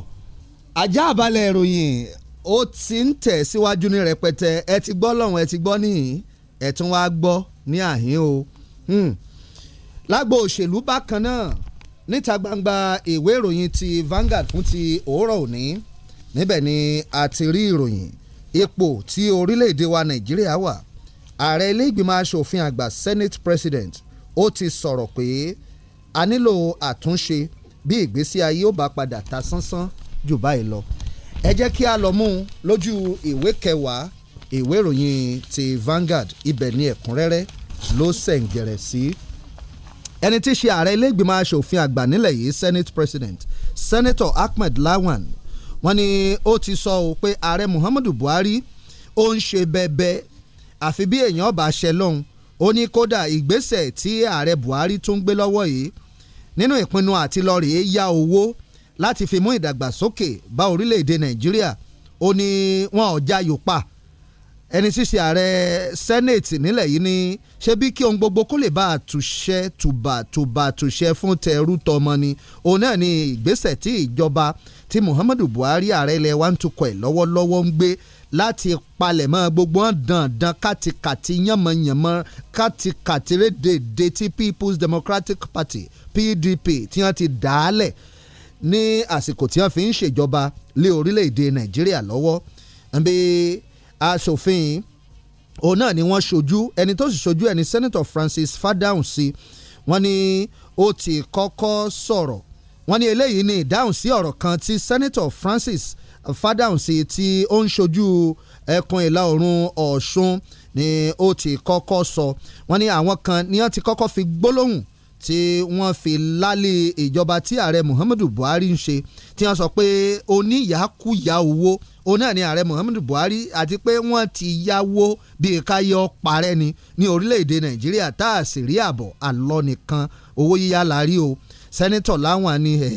ajá àbálẹ̀ ìròyìn ó ti ń tẹ̀ síwájú ní rẹpẹtẹ ẹ ti gbọ́ lọ́hùn ẹ ti gbọ́ níhìn ẹ tún wá gbọ́ ní àhín o. Hmm lágbo òṣèlú bákan náà níta gbangba ìwé ìròyìn ti Vanguard fún ti òórọ̀ òní níbẹ̀ ni a ti rí ìròyìn ipò tí orílẹ̀-èdè wa Nàìjíríà wà ààrẹ ilé ìgbìmọ̀ asòfin àgbà Senate President ó ti sọ̀rọ̀ pé a nílò àtúnṣe bí ìgbésí ayé ó bá padà ta sánsán jù báyìí lọ ẹ jẹ́ kí a lọ mú un lójú ìwé kẹwàá ìwé ìròyìn ti Vanguard ibẹ̀ ni ẹ̀kúnrẹ́rẹ́ ló sẹ̀ǹgẹ̀rẹ̀ sí. Si ẹni tí í ṣe ààrẹ ilé asòfin àgbà nílẹ̀ yìí senate president senator Ahmed Lawan wọ́n ní ó ti sọ ọ́ pé ààrẹ Muhammadu Buhari ó ń ṣe bẹ́ẹ̀bẹ́ àfi bí èèyàn bá ṣe lọ́hùn ó ní kódà ìgbésẹ̀ tí ààrẹ Buhari tún gbé lọ́wọ́ yìí nínú ìpinnu àti lọ rèé yá owó láti fi mú ìdàgbàsókè bá orílẹ̀-èdè Nàìjíríà ó ní wọn ò yòó pa ẹni ṣíṣe ààrẹ senate nílẹ̀ yìí ni ṣé bí kí ohun gbogbo kó lè bá àtúnṣe tùbà tùbà àtúnṣe fún tẹrú tọmọ ni òun náà ni ìgbésẹ̀ tí ìjọba tí Muhammadu Buhari ààrẹ ilẹ̀ wa ń tukọ̀ ẹ̀ lọ́wọ́lọ́wọ́ ń gbé láti palẹ̀mọ́ gbogbo wọn dandan kàtìkàtì yànmọ̀yànmọ̀ kàtìkàtì rédèdè tí People's Democratic Party PDP tí wọ́n ti dà á lẹ̀ ní àsìkò tí wọ́n fi ń ṣèjọba lé orílẹ̀-èdè Nàìjíríà lọ́wọ́ nbí aṣòfin òun náà ni wọ́n ṣojú ẹni tó sì ṣojú ẹni Senator Francis Fadahun sí wọ́n ní ó ti kọ́kọ́ sọ̀rọ̀ wọ́n ní eléyìí ní ìdáhùn sí ọ̀rọ̀ kan tí Senator Francis Fadahun sí tí ó ń ṣojú ẹkùn ìlà oòrùn Ọ̀ṣun ni ó ti kọ́kọ́ sọ wọ́n ní àwọn kan ni wọ́n ti kọ́kọ́ fi gbólóhùn tí wọ́n fi lálé ìjọba tí ààrẹ Muhammadu Buhari ń ṣe tí wọ́n sọ pé oníyàákúyà owó òun náà ni ààrẹ Muhammadu Buhari àti pé wọ́n ti yáwó bíi káyọ parẹ́ ni ní orílẹ̀-èdè Nàìjíríà tá a sì rí àbọ̀ àlọ́ nìkan owó yíyá la rí o sẹ́nitọ̀ láwọn ni ẹ̀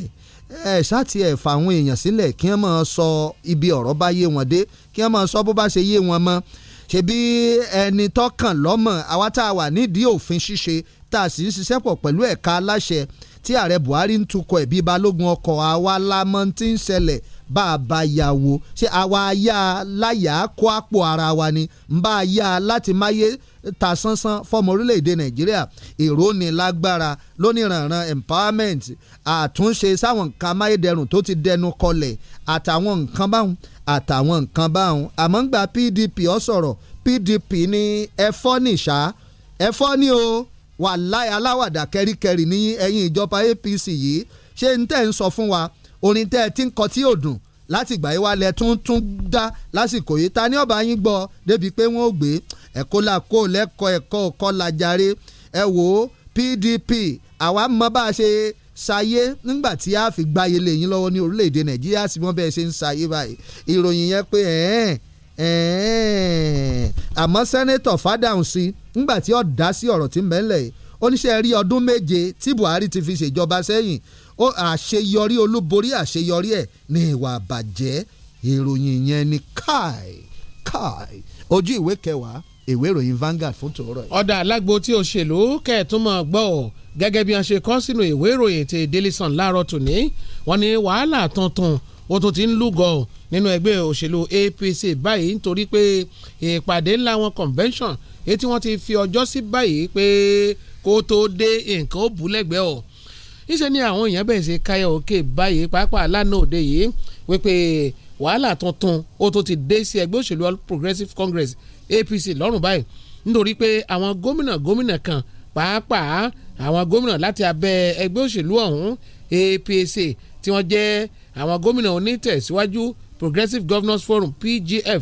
ẹ̀ ṣáàtì ẹ̀ fàwọn èèyàn sílẹ̀ kí wọ́n máa sọ ibi ọ̀rọ̀ bá yé wọn dé kí wọ́n máa sọ bó bá ṣe yé wọn mọ́ ṣebí ẹni tọkàn lọ́mọ àwa tá a wà nídìí òfin ṣíṣe tá a sì ń ṣiṣẹ́ pọ̀ pẹ̀lú ẹ̀ka aláṣẹ tí ààrẹ Buhari ń tukọ̀ ẹ̀ bíi balógun ọkọ̀ àwa la ti ń ṣẹlẹ̀ bá a bá ya wo ṣé àwa ya láyà kó àpò ara wa ni ń bá a ya láti máyé ta sánsán fọmọ orílẹ̀-èdè nàìjíríà èrò ni lágbára lóníranran empowerment àtúnṣe sáwọn nǹkan amáyédẹrùn tó ti dẹnu kọlẹ̀ àtàwọn nǹkan báwọn àtàwọn nǹkan báwọn àmọ́ ń gba pdp ọ sọ̀rọ̀ pdp ní ẹ̀fọ́ nìṣá ẹ̀fọ́ ni o wàláì aláwàdà kẹ́ríkẹ́rí ní ẹ̀yìn ìjọba apc yìí ṣé ń tẹ̀ ń sọ fún wa orin tẹ́ ẹ ti ń kọ tí yóò dùn láti ìgbà yìí wá lẹ tún tún dá lásìkò yìí ta ní ọba yín gbọ́ débi pé wọ́n ò gbé ẹ̀kọ́ là kó lẹ́kọ̀ọ́ ẹ̀kọ́ ọ̀kọ́ ẹ wò ó PDP àwa mọ bá a ṣe ṣayé nígbà tí a fi gbáyé lé yín lọ́wọ́ ní orílẹ̀-èdè Nàìjíríà sì mọ́ bẹ́ẹ̀ ṣe ń ṣayé báyìí ìròyìn yẹn pé ẹ̀ẹ́n ẹ̀ẹ́n àmọ́ sẹ́nẹ́tọ̀ Fádàùnsí nígbà tí ó dá sí ọ̀rọ̀ tí ń bẹ́ẹ̀ lẹ̀ oníṣẹ́ rí ọdún méje tí Buhari ti fi ṣèjọba sẹ́yìn àṣeyọrí olúborí àṣeyọrí ẹ̀ ní ìwà àbàjẹ́ ìròyìn yẹn ni káì káì ojú ìwé kẹwàá ìwé ìròyìn Vanguard fún tòórọ yìí. ọ̀dà alágbo tí òṣèlú kẹ̀ẹ́túnmọ̀ gbọ́ ọ̀ gẹ́gẹ́ bí wọ́n ṣe kọ sínú ìwé ìròyìn ti Daily Sun láàárọ̀ tòní wọ́n ní wàhálà tuntun ó tún ti ń lúgọ nínú ẹgbẹ́ òṣèlú APC báyìí nítorí pé ìpàdé ńlá wọn convention èyí tí wọ́n ti fi ọjọ́ sí báyìí pé kó tó dé nǹkan ó bú lẹ́gbẹ̀ẹ́ ọ̀ níṣẹ́ ni àwọn èèyàn bẹ̀rẹ̀ sí káyọ̀ òkè báyìí pàápàá lánàá òde yìí wípé wàhálà tuntun ó tó ti dé sí ẹgbẹ́ òṣèlú All Progressives Congress APC lọ́rùn báyìí nítorí pé àwọn gómìnà gómìnà kan pàápàá àwọn gómìnà láti abẹ́ ẹgbẹ́ òṣèlú ọ̀hún APC tí wọ́n jẹ́ àwọn gómìnà onítẹ̀síwájú Progressive Governors Forum PGF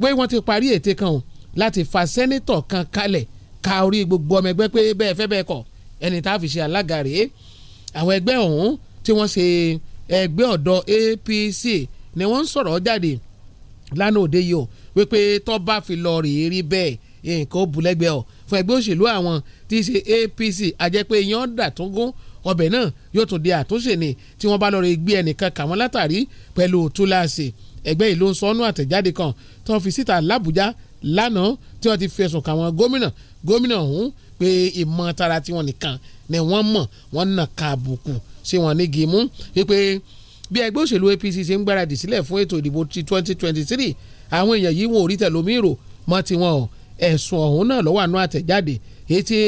pé wọ́n ti parí ète kan o láti fa sẹ́nítọ̀ kan kalẹ̀ ka orí gbogbo ọmọ ẹgbẹ́ pé bẹ́ẹ̀ fẹ́ bẹ́ẹ̀ kọ̀ ẹni tá a fi ṣe alága rèé àwọn ẹgbẹ́ ọ̀hún tí wọ́n ṣe ẹgbẹ́ ọ̀dọ́ APC ni wọ́n ń sọ̀rọ̀ jáde lánàá òde yìí o wípé tó bá fi lọ rèé rí bẹ́ẹ̀ nǹkan ó bu lẹ́gbẹ̀ẹ́ fún ẹgbẹ́ òṣèlú àwọn tí ṣe APC àjẹpé yan dàtúngún ọbẹ̀ náà yóò tún di àtúnṣe ni tí wọ́n bá lọ rè gbé ẹnìkan kà wọ́n látàrí pẹ̀lú túláàsì ẹgbẹ́ yìí ló ń sọnù àtẹ̀jáde kan tó fi síta l'Àbújá lánàá tí wọ́n ti fẹ̀sùn kà wọ́n gómìnà gómìnà ọ̀hún pé ìmọ̀ tara tiwọn nìkan ni wọ́n mọ̀ wọ́n nà ka àbùkù sí wọn nígi mú wípé bí ẹgbẹ́ òṣèlú APC ṣe ń gbáradì sílẹ̀ fún ètò ìdìbò ti twenty twenty three àwọn èèyàn yìí wọn ò rí tẹ̀lómìíràn mọ́ tiwọn o ẹ̀sùn ọ̀hún náà lọ́wọ́ àánú àtẹ̀jáde èyí tí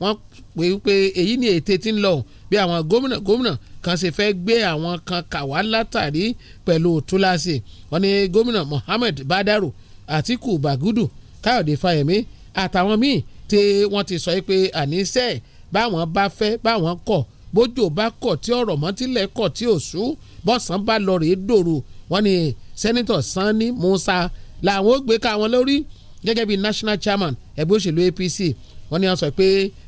wọ́n pè é pé èyí ni ète ti ń lọ bí àwọn gómìnà gómìnà kan ṣe fẹ́ gbé àwọn kan kà látàrí pẹ̀lú túláṣì wọn ni gómìnà Mohammed Badaro Atiku Bagudu Káyọ̀dé Fáyẹ̀mí àtàwọn míì tí wọ́n ti sọ pé àníṣe báwọn bá fẹ́ báwọn kọ̀ bójò bá kọ̀ tí ọ̀rọ̀ mọ́tílẹ̀ kọ̀ tí ò sú bọ́sàn bá lọ rèé dòrò wọ́n ní sẹ́nitọ̀ Sani Musa làwọn ó gbé ká wọn lórí gẹ́gẹ́ bí national chairman ẹgbẹ́ òṣèlú APC wọ́n ní wọ́n sọ pé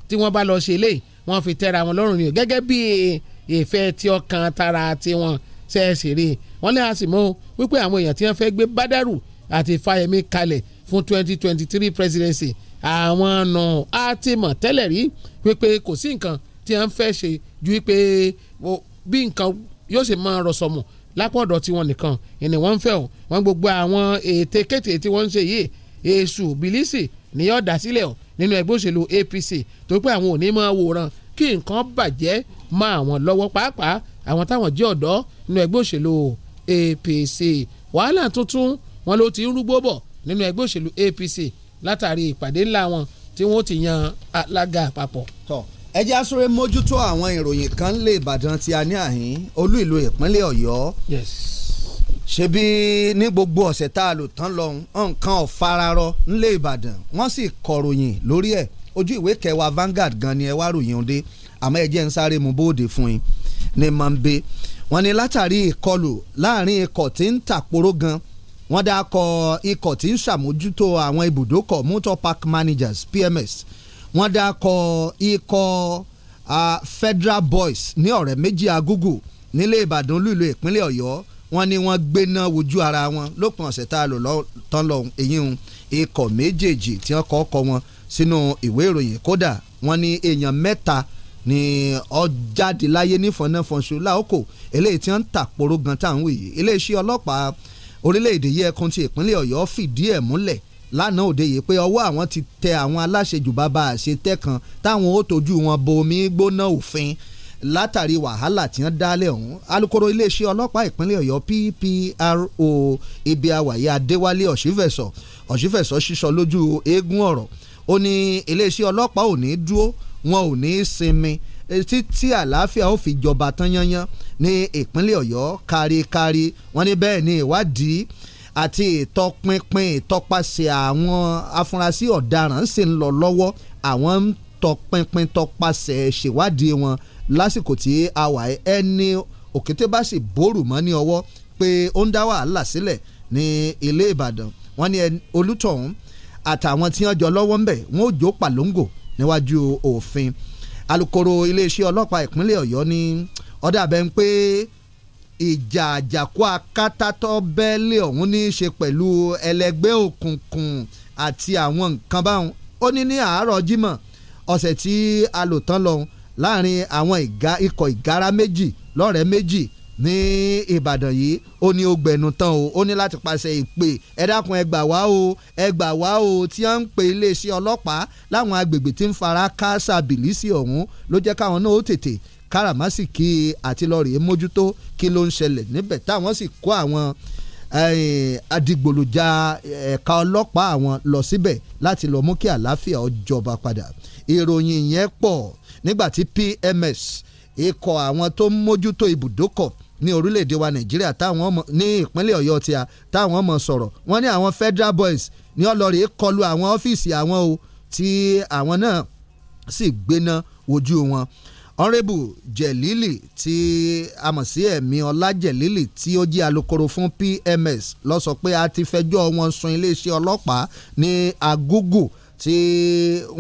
tí wọ́n bá lọ ṣe eléyìí wọ́n fi tẹ́ra wọn lọ́rùn ni o gẹ́gẹ́ bí ìfẹ́ tí ọkàn tara tiwọn ṣẹ́ẹ̀sì rí wọ́n lé àsìmọ́ wípé àwọn èèyàn tí wọ́n fẹ́ gbé Bádàrú àti Fáyẹmí kalẹ̀ fún 2023 presidency àwọn nù á ti mọ̀ tẹ́lẹ̀ rí wípé kò sí nǹkan tí wọ́n fẹ́ ṣe ju wípé bí nǹkan yóò ṣe máa rọ̀sọ̀mù lápò ọ̀dọ̀ tiwọn nìkan ìní wọ́n ń fẹ́ o wọ́n gbogbo àwọn ète kéte tí wọ́n ń ṣe yìí èṣù bìlísì ni yóò dá sílẹ̀ o nínú ẹgbẹ́ òṣèlú APC tó pé àwọn ò ní máa wòran kí nǹkan bàjẹ́ mọ́ àwọn lọ́wọ́ pàápàá àwọn táwọn jẹ́ ọ̀dọ́ nínú ẹgbẹ́ òṣèlú APC wàhálà tuntun wọn ló ti ń rúgbó bọ̀ nínú ẹgbẹ́ òṣèlú APC látàrí ìpàdé ńlá wọn tí wọ́n ti yan alága àpapọ̀. tọ́ ẹ jẹ́ asúré mójútó àwọn ìròyìn kan lè Ìbàdàn tí a ní àhín olú ìlú ìpínlẹ̀ Ọ̀yọ́. yes ṣebí ní gbogbo ọ̀sẹ̀ tá a lò tán lọ́hùn nǹkan ọ̀fararọ ńlẹ̀ Ìbàdàn wọ́n sì kọ̀ròyìn lórí ẹ̀ ojú ìwé kẹwàá Vanguard gan ni ẹ wá ròyìn òde àmọ́ ẹ jẹ́ ń sáré mu bóde fún yín ní mọ̀nbé wọ́n ní látàrí ìkọlù láàrin ikọ̀ tí ń tàporó gan-an wọ́n dá kọ ikọ̀ tí ń ṣàmójútó àwọn ibùdókọ̀ motor park managers PMS wọ́n dá kọ ikọ̀ Federal Boys ní ọ̀rẹ́ méjì agúgù nílé Ìbàdàn olú ìlú ìpínlẹ̀ Ọ̀yọ́ wọ́n ní wọ́n gbéná wojú ara wọn lópin ọ̀sẹ̀ tá a lò tán lọ èyí ikọ̀ méjèèjì tí wọ́n kọ́ ọkọ̀ wọn sínú ìwé ìròyìn kódà wọ́n ní èèyàn mẹ́ta ni ọjáde láyé nífọ̀nàfọ̀nṣu láòkò eléyìí tí wọ́n ń tàpóró gan tá à iléeṣẹ́ ọlọ́pàá orílẹ̀-èdè yìí ẹkùn ti ìpínlẹ̀ ọ̀yọ́ fìdí ẹ̀ múlẹ̀ lánàá òde yìí pé ọwọ́ àwọn ti tẹ àwọn aláṣejù bàbá àṣetẹ́ kan táwọn ó tọ́jú wọn bo omi gbóná òfin látàrí wàhálà tí wọ́n dálẹ̀ ọ̀hún alukoro iléeṣẹ́ ọlọ́pàá ìpínlẹ̀ ọ̀yọ́ PPRO ibi awàyé adéwálé ọ̀ṣífẹ̀sọ ọ̀ṣífẹ̀sọ sísọ lójú eégún ọ̀rọ̀ ó ní iléeṣẹ́ ọlọ́pàá ò ní dúró wọn ò ní sinmi títí eh, àlàáfíà ó fi jọba tán yányán ní ìpínlẹ̀ ọ̀yọ́ káríkárí wọ́n ní bẹ́ẹ̀ ni ìwádìí àti ìtọpinpin ìtọpasẹ̀ àwọn afurasí ọ̀daràn sì ń lọ lọ́wọ́ àwọn ń tọpinpin tọpasẹ̀ ṣèwádìí wọn lásìkò tí a wà ẹni òkété bá sì bórù mọ́ ní ọwọ́ pé ó ń dá wàhálà sílẹ̀ ní ilé ìbàdàn wọ́n ní olùtọ̀hún àtàwọn tí wọ́n jọ lọ́wọ́ ń wọ́n ò jó pàlóńgò níwájú òfin alukoro iléeṣẹ́ ọlọ́pàá ìpínlẹ̀ ọ̀yọ́ ní ọ̀dà bẹ́ẹ̀ ń pé ìjà àjàkú akátátọ́ bẹ́ẹ̀lì ọ̀hún ní í ṣe pẹ̀lú ẹlẹgbẹ́ òkùnkùn àti àwọn nǹkan báwọn ó ní ní àárọ̀ jímọ̀ ọ̀sẹ̀ tí a lò tán lọ́hùn láàrin àwọn ikọ̀ ìgárá méjì lọ́rẹ̀ẹ́ méjì ní Ìbàdàn yìí ó ní ó gbẹnu tán o ó ní láti pàṣẹ ìpè ẹ dákun ẹ gbà wá o ẹ gbà wá o tí wọ́n ń pe iléeṣẹ́ ọlọ́pàá láwọn agbègbè tí ń fara káàsà bìlísì ọ̀hún ló jẹ́ káwọn náà ó tètè káràmásìkì àti lọ́ọ̀rì mójútó kí ló ń ṣẹlẹ̀ níbẹ̀ táwọn sì kó àwọn eh, adigbòlùjà eh, ẹ̀ka ọlọ́pàá àwọn lọ síbẹ̀ láti lọ mú kí àlàáfíà ó padà ìròyìn yẹn pọ̀ nígbàtí PMS ikọ̀ àwọn tó ń mójútó ibùdókọ̀ ní orílẹ̀-èdè wa nàìjíríà táwọn ọmọ ní ìpínlẹ̀ ọ̀yọ́ tí a táwọn ọmọ sọ̀rọ̀ wọ́n ní àwọn federal boys ní ọlọ́ọ̀rẹ́ kọlu àwọn ọ́fíìsì àwọn o tí àwọn náà sì gbéná wojú wọn honourable jẹ̀lílì tí a mọ̀ sí ẹ̀mí ọlá jẹ̀lílì tí ó jẹ́ alukoro fún PMS ló sọ pé a ti fẹjọ́ wọn sùn iléeṣẹ́ ọlọ́pàá ní Agugu tí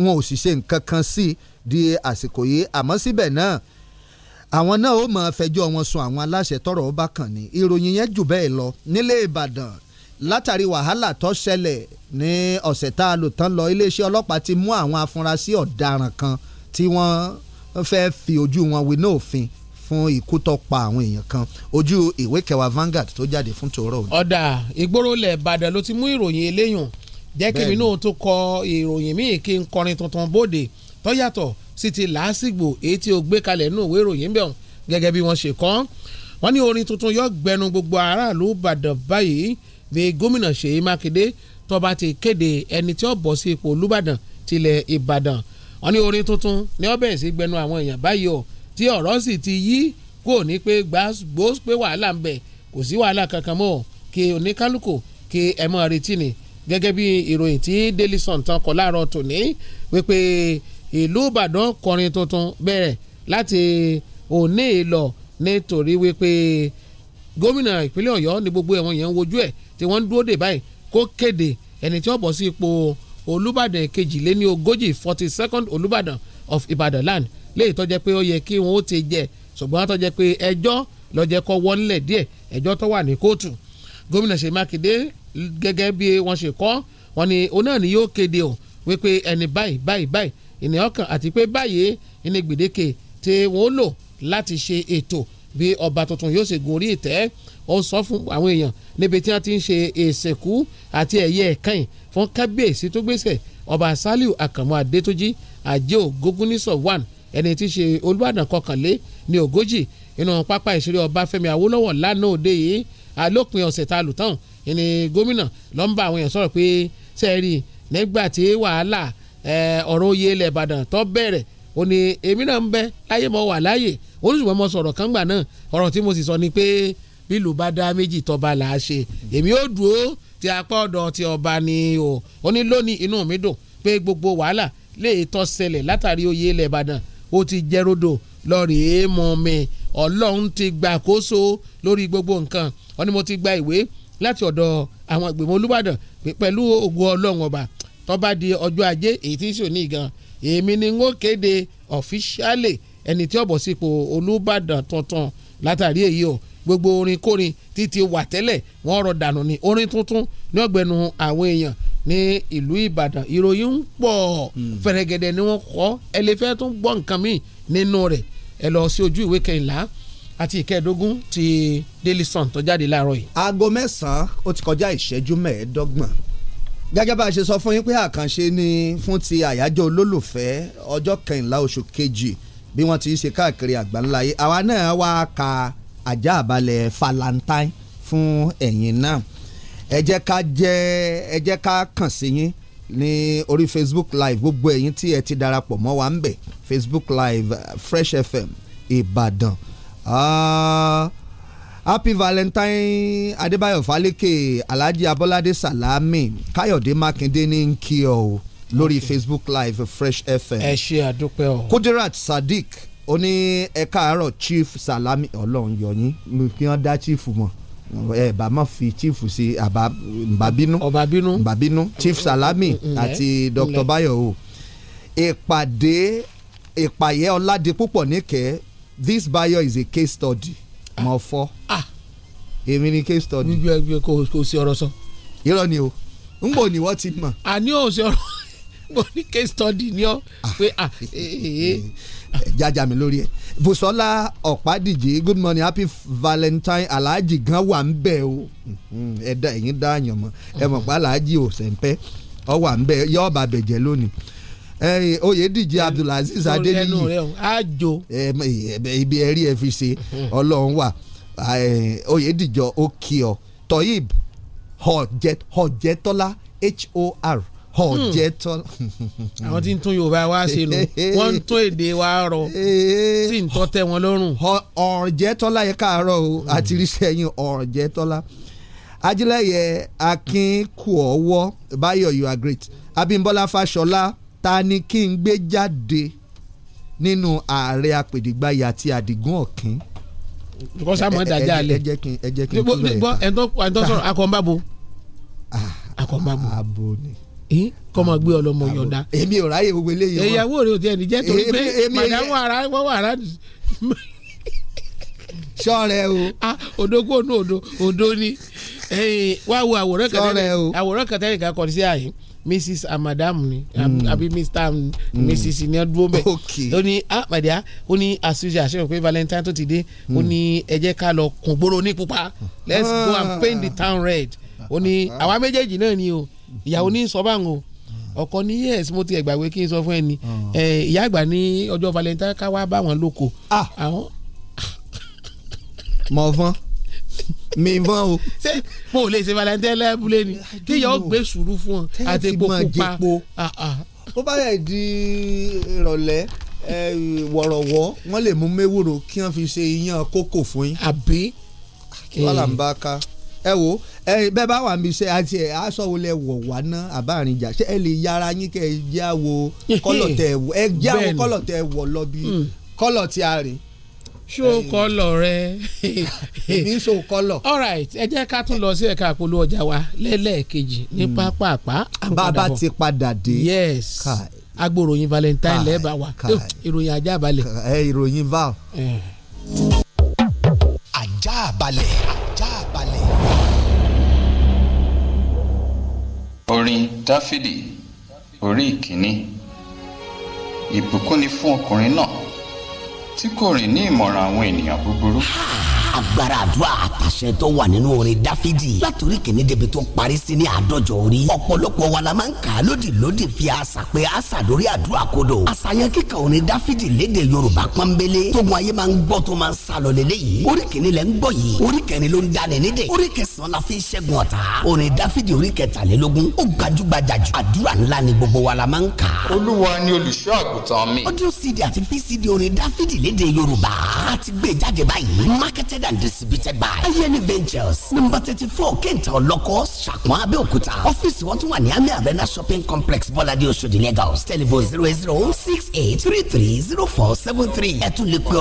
wọn ò sì ṣe nǹkan kan sí di àsìkò yìí àmọ́ síbẹ̀ náà àwọn náà ó mọ fẹjọ́ wọn sun àwọn aláṣẹ tọrọ ọba kan ni ìròyìn yẹn jù bẹ́ẹ̀ lọ nílé Ìbàdàn látàrí wàhálà tó ṣẹlẹ̀ ní ọ̀sẹ̀ tá a lò tán lọ iléeṣẹ́ ọlọ́pàá ti mú àwọn afurasí ọ̀daràn kan tí wọ́n fẹ́ fi ojú wọn winá òfin fún ikú tó pa àwọn èèyàn kan ojú ìwé kẹwàá Vanguard tó jáde fún tòró. ọ̀dà ìgboro ilẹ̀ Ìbàdàn ló ti mú ìròyìn eléyùn jẹ́ kí mi náà tó kọ ìròyìn míì kí n kọrin tuntun bóde tó yàtọ̀ sí ti làásìgbò èyí tí o gbé kalẹ̀ nù òwe ìròyìn bẹ̀rù gẹ́gẹ́ bí wọ́n ṣe kọ́ wọ́n ní orin tuntun yọ gbẹnu gbogbo aráàlú Ìbàdàn báyìí bí gómìnà Ṣèyí Mákindé tó bá ti kéde ẹni tí ó bọ̀ sí ipò Olúbàdàn tilẹ̀ Ìbàdàn wọ́n ní orin tuntun ní ọbẹ̀ sí gbẹnu àwọn èèyàn báyìí o tí ọ̀rọ̀ sì ti yí kò ní pé gbòósì pé wàhálà ń bẹ kò sí wàhálà kankan mọ́ kí oníkálukú kí ẹ mọ́ retí ni gẹ́gẹ́ bí ìròyìn tí Daily tán kọ láàárọ̀ tòní wípé ìlú ìbàdàn kọrin tuntun bẹ̀rẹ̀ láti òní lọ nítorí wípé gómìnà ìpínlẹ̀ ọ̀yọ́ ní gbogbo ẹ̀wọ̀n yẹn ń wojú ẹ̀ tí wọ́n ń dúró dè báyìí kó kéde ẹni tí ó bọ̀ sí ipò olùbàdàn kejìléní ogójì forty second olùbàdàn of ibadan land léyìí tó jẹ́ pé ó yẹ kí wọ́n ó ti jẹ ṣùgbọ́n tó jẹ́ pé ẹjọ́ ló jẹ́ kó wọ́nlẹ̀ díẹ̀ ẹjọ́ tó wà ní kóòtù gómìnà ṣèyí mákindé gẹ́gẹ́ bí wọ́n ṣe kọ́ wọn ni òun náà ni yóò kéde o wípé ẹni báyìí báyìí báyìí ènìyàn kan àti pé báyìí ní gbèdéke tí wọ́n lò láti ṣe ètò bí ọba tuntun yóò ṣe gun orí ìtẹ́ ó sọ fún àwọn èèyàn níbi tí wọ́n ti ń ṣe ìsìnkú àti ẹ̀yẹ ẹ̀kan fún kábíyèsí tó gbèsè ọba Sàlíù Àkànmú Adétúnjì àjẹ́ ògógúnnísọ̀ one ẹni tí í ṣe Olúbàdàn kọkànlé ní ogójì inú pápá ìṣeré Ọbáfẹ́mi Awólọ́wọ̀ lánàá òde yìí alópin ọ̀sẹ̀ tá a ìní gómìnà ló àwọn èèyàn sọ̀rọ̀ pé sẹ́ẹ̀rì nígbà tí wàhálà ọ̀rọ̀ oyè ilẹ̀ ìbàdàn tó bẹ̀rẹ̀ ó ní èmi náà ń bẹ láyé mo wà láyè olùsùnmọ́ mo sọ̀rọ̀ kan gbà náà ọ̀rọ̀ tí mo sì sọ ni pé bílù bá dá méjì tọba là á ṣe èmi ó dúró ti apá ọ̀dọ̀ ti ọba ni o ó ní lónìí inú mi dùn pé gbogbo wàhálà lè tọ́ ṣẹlẹ̀ látàrí oyè ilẹ̀ ìbàdàn ó ti jẹ́ rodò lọ́ọ̀rì èèmọ̀ mi ọlọ́run ti gbàkóso lórí gbogbo nǹkan ó ní mo ti gba ìwé láti ọ̀dọ̀ àwọn ìgbìmọ̀ olúbàdàn pẹ̀lú ògo ọlọ́run ọba tó bá di ọjọ́ ajé èyí tí sòní gan èmi ni n ó kéde ọ̀fíṣálè ẹni tí ó bọ̀ sípò Olúbàdàn tuntun látàrí èyí o gbogbo orin kórin títí wà tẹ́lẹ̀ wọ́n rọ dànù ní orin tuntun ní ọ̀gbẹ́nu àwọn èèyàn ní ìlú Ìbàdàn ìròyìn ń pọ̀ hmm. fẹ̀rẹ̀gẹ̀dẹ̀ ni wọ́n kọ́ ẹ lè fẹ́ tún gbọ́ nǹkan míì nínú rẹ̀ ẹ lọ sí ojú ìwé kẹrìnlá àti ìkẹẹ̀dógún ti Daily Sun tó jáde láàárọ̀ yìí. aago mẹ́sàn-án ó ti kọjá ìṣẹ́jú mẹ́ẹ̀ẹ́dọ́gbọ̀n gẹ́gẹ́ bá a ṣe sọ fún yín pé àkànṣe ni fún ti àyájọ́ olólùfẹ́ ọjọ́ kẹrìnlá oṣù kejì bí wọ́n ti ṣe káàkiri àgbáńlá yìí àwa náà wá ka ajá àbálẹ̀ Valentine fún ẹ̀yin náà ẹ jẹ́ ká jẹ́ ẹ ká kàn sí yín ní orí Facebook live gbogbo ẹ̀yin tí ẹ ti darapọ̀ mọ́ wa ń bẹ̀ Facebook live Fresh FM Ìbàdàn. E uh, happy valentine adébáyọ̀ falẹ́kẹ̀ alhaji abọ́ládé salami káyọ̀dé mákindé ní ń kí ọ o lórí facebook live fresh fm. ẹ ṣe àdúpẹ́ o. kudirat sadiq ó ní ẹ káàárọ̀ chief salami ọlọ́run yọ̀yìn kí wọ́n dá chief mọ̀ ẹ bá má fi chief sí àbá mbàbínú ọbàbínú mbàbínú chief salami àti dr bayo o ìpàdé ìpàyẹ ọ̀làdé púpọ̀ níkẹ́ this bayo is a case study mọ fọ́ ah. èmi ni case study. gbígbé ẹgbẹ́ kò kò sí ọ̀rọ̀ sọ. irọ́ ni o n bò ní wọ́n ti mọ̀. àní ò sí ọ̀rọ̀ <laughs> mo ní case study ni ọ ah. pé ah, eh, eh. jájà mi lórí ẹ Bùsọ́lá Ọ̀pádìjì good morning happy valentine alhaji gan wà ń bẹ̀ o hmm, ẹ̀dá ẹ̀yìn dáàyàn mọ̀ ẹ mọ̀ pé alhaji ò sẹ́ńpẹ́ ọ wà ń bẹ̀ yọ ọba bẹ̀jẹ̀ lónìí Oyedije abdulaziz adéníyì àjò ibi ẹ̀rí ẹ̀ fi ṣe ọlọ́run wà oyèdíjọ okio toyib hojetola hmm. wa ṣe lò wọ́n ń tún èdè wa rọ sí <laughs> wọn lọ́rùn. yẹ káàárọ̀ o àti yín ajílẹ̀yẹ Báyọ̀ you are great ta ni kí n gbé jáde nínú ààrẹ apèdègbáyà àti àdìgún ọ̀kín. because àmọ́ ìdájà alẹ́ ẹ jẹ́ kí n ẹ jẹ́ kí n tún bẹ̀rẹ̀ ta ẹ̀ tó sọ̀rọ̀ akọ̀ǹbàbò. Ah. akọ̀ǹbàbò ah. abo ni kọ́mọ gbé ọlọ́mọ yọ̀ǹda. èmi ò ráyè gbogbo eléyìí wọn. ìyàwó rẹ ò tiẹ̀ ní jẹ́ torí pé màdàmú ara wọ́n wà rà sọ́ọ̀rẹ́ o. a ah, odo kó nu odo odo ni wá wo àwòrán kan àwòrán kan tẹ́lẹ̀ kan sí àyín mrs amadam ni àbí mr mrs ni ọdún bọ́ọ̀bẹ̀ ó ní àpàdé ah, ó ní àṣùjẹ àṣẹwọ̀n pé valentine tó ti dé ó hmm. ní ẹ ká lọ kùn gbòòrò ní pupa let's go and ah. paint the town red ó ní ah. àwa méjèèjì náà ni o ìyàwó ní sọ báwọn o hmm. ọkọ ní yes mo ti ẹgbàgbé kí n sọ fún ẹni hmm. ìyá àgbà ní ọjọ́ valentine ká wá bá wọn lóko. mọ̀ fún mi mọ o. ṣé mo ò lè ṣe valentine lábúlé ni kíyà ó gbé sùúrù fún ọ àti epo pupa. Ah, ah. ó bá yẹ di ìrọ̀lẹ́ wọ̀rọ̀wọ́ wọ́n lè mú méwòrò kí wọ́n fi ṣe iyán kókò fún yín. àbí. kí wọ́n là ń bá ká ẹ wo bẹ́ẹ̀ bá wà mí ṣe àti ẹ̀ aṣọ wo lẹ wọ̀ wá ná àbáàrin jà ṣé ẹ lè yára yín kẹ́ ẹ jáwo <laughs> kọ́lọ̀ tẹ̀ ẹ jáwo kọ́lọ̀ tẹ̀ wọ̀ lọ bí mm. kọ́lọ̀ tí show color rẹ. èmi show color. all right ẹ jẹ́ ká tún lọ sí ẹ̀ka àpolówó ọjà wa lẹ́lẹ́ẹ̀kejì ní pápápá. Hmm. bàbá ti padà dé. yes agbóròyìn valentine lẹ́ẹ̀bà wa ìròyìn ajá balẹ̀. ẹ ìròyìn val. Eh. ajá balẹ̀ ajá balẹ̀. orin dáfídì orí ìkíní ìbùkún ni fún ọkùnrin náà tí kò rìn ní ìmọ̀ràn àwọn ènìyàn búburú agbára àdúrà àtàṣẹ tó wà nínú orin dáfídì látòrí kìíní débi tó parí sí ní àádọ́jọ orí ọ̀pọ̀lọpọ̀ wa la máa ń kà á lódì lódì fi àṣà pé àṣà lórí àdúrà kodò àṣàyàn kíkà orin dáfídì léde yorùbá pọ́nbélé tógun ayé máa ń gbọ́ tó máa ń sálọ lélẹ́yìí orí kìíní lẹ́ ń gbọ́ yìí orí kẹrin ló ń dalẹ̀ nídè orí kẹsàn-án la fi ń ṣẹ́gun ọ̀tá orin dáfídì orí kẹtàlélógún ó gbajúgbajà jù àdúrà ńlá ni gbogbo wa la máa ń kà. olúwa ni olùṣọ́ àgùntàn mi. ọdún cd àti pcd orin dáfídì léde yorùbá a ti gbé e jáde báyìí marketed and distributed by ayeni ventures number thirty kenta ọlọ́kọ̀ ṣàpọ̀n abẹ́òkúta ọ́fíìsì wọn tún arena shopping complex bọ́ládé oṣòdì lagos telephone zero eight zero six eight three three zero four seven three ẹ tún lè pe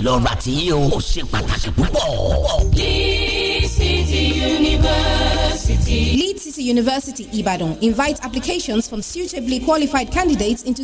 o ó ṣe pàtàkì púpọ̀. Lead City University Ibadan invites applications from suitably qualified candidates into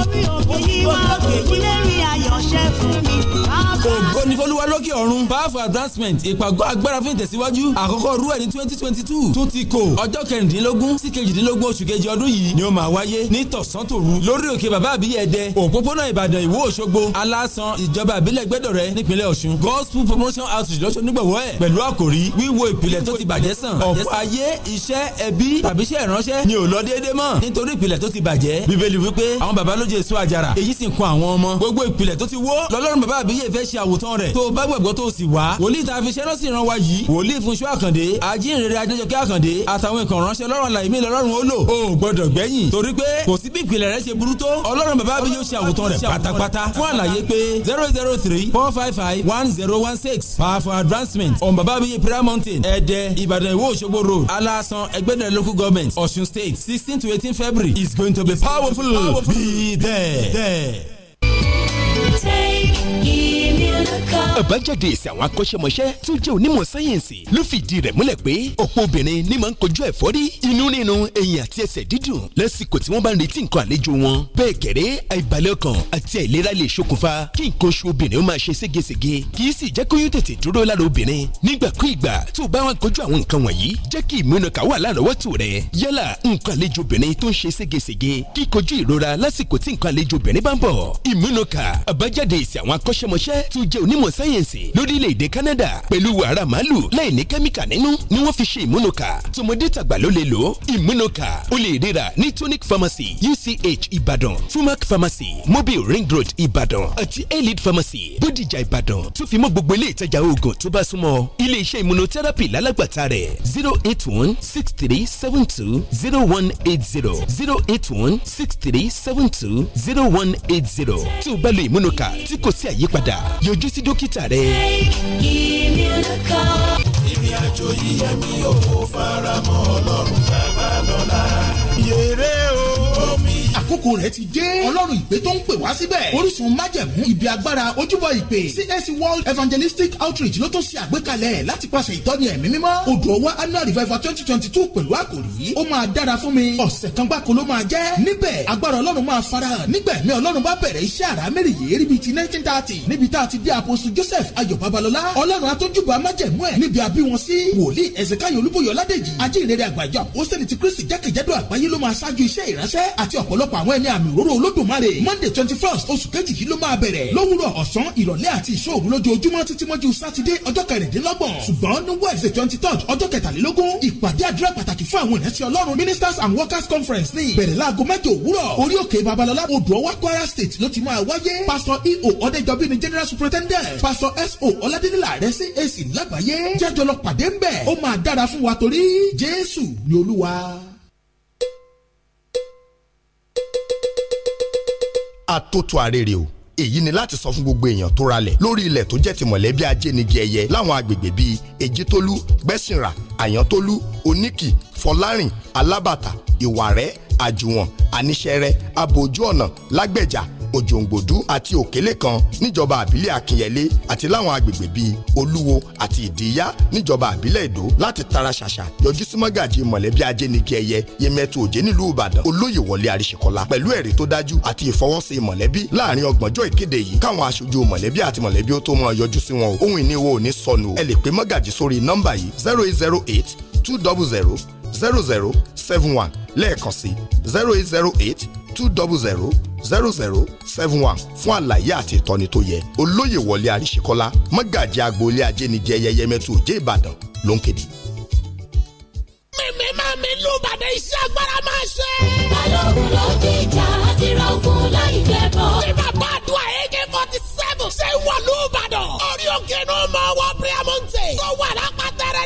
ọbí ọbí ìwọ òkè ilé rí àyànṣe fún mi. ògo ni fọlúwa lókè ọ̀run power for advancement ìpàgọ́ agbára fún ìtẹ̀síwájú àkọ́kọ́ rú ẹni twenty twenty two tún ti kò ọjọ́ kẹrìndínlógún sí kejìdínlógún oṣù kejì ọdún yìí ni ó máa wáyé ní tọ̀sán-tòru lórí òkè bàbá àbí ẹ̀dẹ òpópónà ìbàdàn ìwó òṣogbo alásan ìjọba àbílẹ̀ gbẹ́dọ̀rẹ́ nípínlẹ̀ ọ̀ṣun gospel promotion outreach lọ́sọ̀ nígbàwọ́ ẹ̀ pẹ̀lú àkòrí wíwo ìpìlẹ̀ tó ti bàjẹ́ sàn ọ̀pọ̀ ayé iṣẹ́ ẹbí tàbí iṣẹ́ ìránṣẹ́ ni ò lọ déédéé mọ́ nítorí ìpìlẹ̀ tó ti bàjẹ́ bíbélì wípé àwọn bàbá ló jẹ èso àjàrà èyí sìnkú àwọn ọmọ gbogbo ìpìlẹ̀ tó ti wó lọ́lọ́run bàbá àbíyè fẹ́ ṣe àwòtán rẹ̀ tó o bá gbàgbọ́ tó o sì wá wòlíì tá a fi ṣẹ́rọ́ sí ìrànwá yìí wòlíì Fúnṣọ́ Àkàndé ajínrere Adéjọkẹ́ Àkàndé àtàwọn ìkàn ránṣẹ́ lọ́rọ̀ àlàyé mi lọ́lọ́run ó lò ó gbọ́dọ̀ gbẹ́yìn torí pé kò sí bí ìpìlẹ̀ rẹ̀ ṣe burú tó ọlọ́run bàbá àbíyè ṣe àwòtán rẹ̀ pátápátá fún àlàyé pé zero zero three four five five one zero one six power advancement on bàbá àbíyè prayer mountain ẹ̀dẹ̀ Ìbàdàn Ìwó Òṣogbo road Aláàsán Ẹgbẹ́dẹ̀ local government Ọ̀ṣun state sixteen to eighteen February is going to be powerful. be there. there. ¡Eh! àbájáde èsì àwọn akọ́ṣẹ́mọṣẹ́ tó jẹ́ onímọ̀ sáyẹ́ǹsì ló fìdí rẹ̀ múlẹ̀ pé ọ̀pọ̀ obìnrin ni máa ń kojú ẹ̀fọ́rí inú nínú ẹ̀yìn àti ẹsẹ̀ dídùn lásìkò tí wọ́n bá ń retí nǹkan àlejò wọn. bẹ́ẹ̀ kẹ̀rẹ́ àìbalẹ̀ ọkàn àti àìlera lè ṣokùnfà kí nǹkan oṣù obìnrin máa ṣe ségesège kì í sì jẹ́ kó yún tètè dúró lára obìnrin nígbàkúìgbà tó o bá wọn kojú àwọn nǹkan wọ̀nyí jẹ́ kí ìmúnaka wà lárọ̀ọ́wọ́tò rẹ̀ yálà nǹkan àlejò obìnrin tó ń ṣe ségesège kíkojú ìrora lásìkò tí nǹkan àbájáde èsì àwọn akọ́ṣẹ́mọṣẹ́ tó jẹ́ onímọ̀ sáyẹ̀nsì lórílẹ̀‐èdè Canada pẹ̀lú wàrà màálù láì ní kẹ́míkà nínú ni wọ́n fi ṣe ìmúnuka tọmọdé tàgbà ló lè lò ó ìmúnuka ó lè ríra ní tonic pharmacy UCH Ìbàdàn Fumac pharmacy mobile ring road Ìbàdàn àti elite pharmacy Bódìjà Ìbàdàn tó fi mọ́ gbogbo ilé ìtajà oògùn tó bá súnmọ́ ilé immunotherapy lálágbàtà rẹ̀ zero eight one six three seven two zero one eight zero zero eight one six three seven two zero one eight zero tó bá lo ìmúnuka àṣà tí kò sí àyípadà yọjú sí dókítà rẹ. ìrìn àjò yíyá mi ò fara mọ́ ọlọ́run bàbá lọ́la. yèrè àkókò rẹ̀ ti dé ọlọ́run ìpè tó ń pè wá síbẹ̀ orísun májẹ̀mú ibi agbára ojúbọ ìpè CAC World Evangelistic Outreach ló tó ṣe àgbékalẹ̀ láti pàṣẹ ìtọ́ni ẹ̀mí mímọ́ odò ọwá annual revival twenty twenty two pẹ̀lú àkòrí ó máa dára fún mi ọ̀sẹ̀ kan gbáko ló máa jẹ́ níbẹ̀ agbára ọlọ́run máa farahàn nígbẹ̀mí ọlọ́run bá bẹ̀rẹ̀ iṣẹ́ àrà mẹ́rìnyé nineteen thirty níbi tá Joseph Ayọ̀ Babalọ́lá ọlọ́run atójúbọ amájẹ̀mú ẹ̀ níbi àbí wọn sí wòlíì Ezekiel Olúbóyọ̀ Ládèjì ajínrere àgbàjọ àpòsẹ́ni ti Kristi jákèjádò àgbáyé ló máa ṣáájú iṣẹ́ ìránṣẹ́ àpapọ̀ àwọn ẹni àmì òróró olódùmarè monday twenty first oṣù kejì yìí ló máa bẹ̀rẹ̀ lówùrọ̀ ọ̀sán ìrọ̀lẹ́ àti ìṣòro lójoojúmọ́ títí mọ́jú sátidé ọjọ́ kẹrìndínlọ́gbọ̀n ṣùgbọ́n ní wednesday twenty third ọjọ́ kẹtàlélógún ìpàdé àdúrà pàtàkì fún àwọn ìrẹsì ọlọ́run ministers and workers conference ní ìbẹ̀rẹ̀ láago mẹ́jọ òwúrọ̀ orí òkè babalọlá odò ọwá kwara state ló ti máa wáyé pastor eo ọ̀dẹ́jọbí general superintendent pastor so ọládélélà rẹ cac lágbàáyé jẹ́jọ́ lọ pàdé ńbẹ̀ ó máa dára fún wa torí jésù ni olúwa. máa tó tu àrèrè o èyí ni láti sọ fún gbogbo èèyàn tó ralẹ̀ lórí ilẹ̀ tó jẹ́ ti mọ̀lẹ́bí ajénigi ẹyẹ láwọn agbègbè bíi èjítólú gbẹ̀sìnrà àyántólú oníkì fọlárìn alábàtà ìwàrẹ́ àjùwọ̀n àníṣẹrẹ abojú ọ̀nà lágbèjà òjòǹgbòdú àti òkèlè kan níjọba àbílẹ̀ akínyẹlé àti láwọn agbègbè bíi olúwo àti ìdíyá níjọba àbílẹ̀ èdó láti tara ṣàṣà yọjú sí mọ́gàjì mọ̀lẹ́bí ajénigi ẹ̀yẹ yemẹtu òjé nílùú ìbàdàn olóyè wọlé àríṣekọlá pẹ̀lú ẹ̀rí tó dájú àti ìfọwọ́sí mọ̀lẹ́bí láàrin ọgbọ̀njọ́ ìkéde yìí káwọn aṣojú mọ̀lẹ́bí àti mọ̀lẹ́bí ó tó mọ yọjú sí wọn ohun ìní wo ò ní sọnù ẹ lè pe mọ́gàjì sórí nọ́mbà yìí zero eight zero eight two double zero zero zero seven one lẹ́ẹ̀kan sí zero eight zero eight two double zero zero zero seven one fún àlàyé àti ìtọ́ni tó yẹ olóyè wọlé àríṣekọ́lá mọ́gàjì agboolé ajénijẹ yẹyẹmẹtu òjé ìbàdàn ló ń kéde. mímí máa mi lù bàdé iṣẹ́ agbára máa ṣe. balógun ló jíjà àti ra ogun láì jẹ́bọ̀. bí bàbá àdúrà ak forty seven ṣe wà lù bàdàn. orí òkè ni ó máa wọ priamonte. tó wà lápá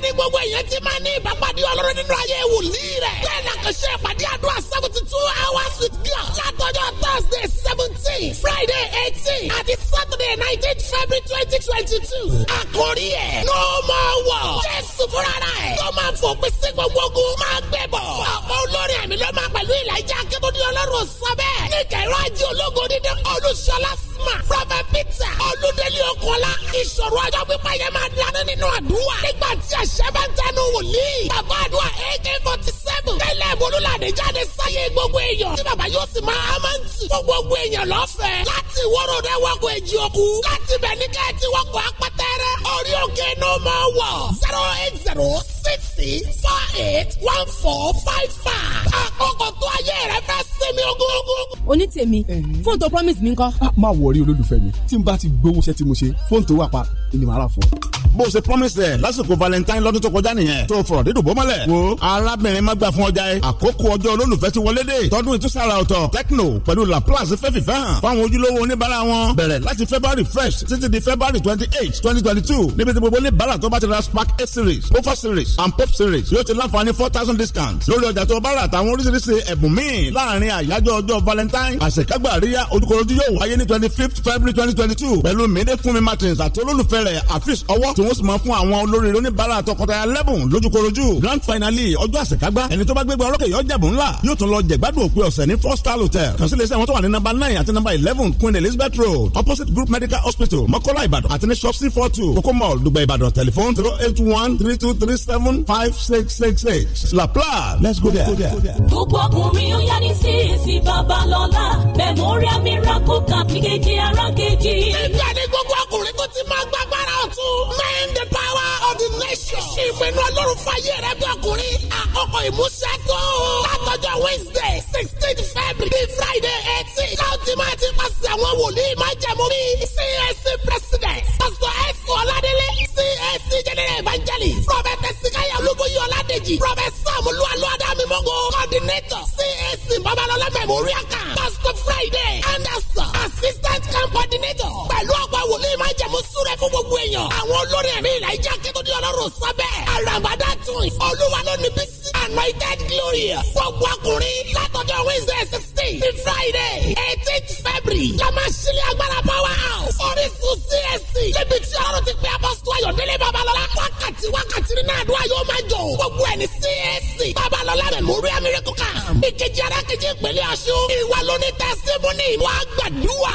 ni gbogbo èèyàn ti máa ní ìbápadì ọlọ́run nínú ayé wòlíì rẹ̀. bẹ́ẹ̀ la kò ṣe ìpàdé àdúrà seventy two hours with God. látọjọ́ thursday seventeen friday eighteen àti saturday nineteen february twenty twenty two. àkórí ẹ̀ no more war. jésù fúnra rẹ̀ tó máa fòpin sí gbogbo ogun máa gbẹ bọ̀. ọ̀pọ̀ olórin àmì ló máa pẹ̀lú ìlàjà akẹ́kọ̀ọ́ ọlọ́run sọ bẹ́ẹ̀. ní kẹ̀rọ ajé ológo dídé olùṣọ́lá sí Sigma Prophet Peter Olúdélé Okola ìṣòro ọjọ́ pípa yẹn máa dáná nínú àdúrà nígbà tí àṣẹ bá ń tẹnu wòlíì bàbá àdúrà AK forty seven tẹ́lẹ̀ bolúlàdé jáde sáyé gbogbo èèyàn tí bàbá yóò sì máa máa ń tì fún gbogbo èèyàn lọ́fẹ̀ẹ́ láti ìwọ́rò rẹ̀ wọ́kọ̀ èjì òkú láti bẹ̀ ní kẹ́ẹ̀tì wọ́kọ̀ apátẹ́rẹ́ orí òkè ní o máa wọ̀ zero eight zero six six four eight one four five five àkókò tó ayé rẹ fẹ́ sinmi ogógó. onítèmi fóònù tó promise mi ń kọ́. Ah, máa wọ wọrí olólùfẹ́ mi tí n bá ti gbowó iṣẹ́ tí mo ṣe fóònù tó wà pa ni màá rà fún ọ. bó o ṣe promise rẹ lásìkò valentine lọ́dún tó kọjá nìyẹn tó fọ̀rọ̀ dídùn bó mọ́lẹ̀. wo arábìnrin má gbà fún ọjà yẹn àkókò ọjọ́ olólùfẹ́ ti wọlé dé tọdún ìtúsára ọ̀tọ̀ tecno pẹ̀lú laplace fẹ́ fìfẹ́ hàn fáwọn ojúlówó oníbàárà wọn bẹ̀rẹ̀ láti february fresh títí di february twenty eight twenty twenty two níbi tí gbogbo oníbàárà tó bá ti series pofa series and pop series yóò ti láǹfààní four thousand discount lórí ọjà tó bá rà àtàwọn oríṣiríṣi ẹ̀bùn míì láàrin àyájọ́ ọjọ́ valentine àṣekágbà àríyá ojúkọ̀ọ́jú yóò wáyé ní twenty fifth february twenty twenty two pẹ̀lú mèdè fúnmi martins àti olólùfẹ́ rẹ̀ afis ọwọ́ tí wọ́n sì máa fún àwọn olóríire oníbàárà tọkọtaya lẹ́bùn lójúkorojú grand finale ọjọ́ àṣekágbá ẹni tó bá gbégbá ọlọ́kẹ́ yọ jẹ̀bù ńlá yóò tún lọ jẹ̀gbádùn òpin ọ̀sẹ̀ ní four star hotel kàn sí iléeṣẹ́ wọn tó wà ní number nine àti number eleven queen elizabeth road opposite group medical hospital mọ́kọ́lá ìbàdàn àti ní shop c four two kókó dùgbà ìbàdàn telephone zero eight one three two three seven five six six six la plan let's go there. gbogbo ọkùnrin ó yá ní sí ìsìn babalọ́lá memorial miracle camp kéde kejì aràn kejì. nígbà ní gbogbo ọkùnrin tó ti máa gbàgbára ọ̀tún. main the power of the nation. ṣe ìpinnu ọlọ́run fàyè rẹ bí ọkùnrin. àkọ́kọ́ ìmúṣẹ tó. látọjọ́ wednesday sixteen february friday eighteen. káwọ́tì máa ti pàṣẹ àwọn wòlíì máa jẹ̀mú mi. csc president pastor s ọládélé CAC general evangelist prophet sikaya olúbóyè ọládèjì prophet sam olúwalú adámímọ́gò coordinator CAC babalọlá memorial camp pastor friday anderson assistant camp coordinator pẹ̀lú ọgbà wòlíì máa jẹ̀mú súrẹ́ fún gbogbo èèyàn àwọn olórin ẹ̀mí ìlà ìjà kíkúndé ọlọ́run sábẹ́ àràbàdà tún olúwa lónìí bí sí anointed glory gbogbo ọkùnrin látọjọ́ wednesday sixteen ní friday eighteen february lamasilia agbára power house orísun CAC níbi tí ọlọ́run ti pè é bọ́sọ̀ dr ayọ̀délé babalọ́lá wákàtí wákàtí nínú àdúrà yóò máa jọ gbogbo ẹni cac babalọ́lá rẹ̀ mórí amírẹ́kù kan ìkejì arákejì ìpínlẹ̀ ọ̀ṣun ìwà lóní tẹ́símúnì wàá gbàdúrà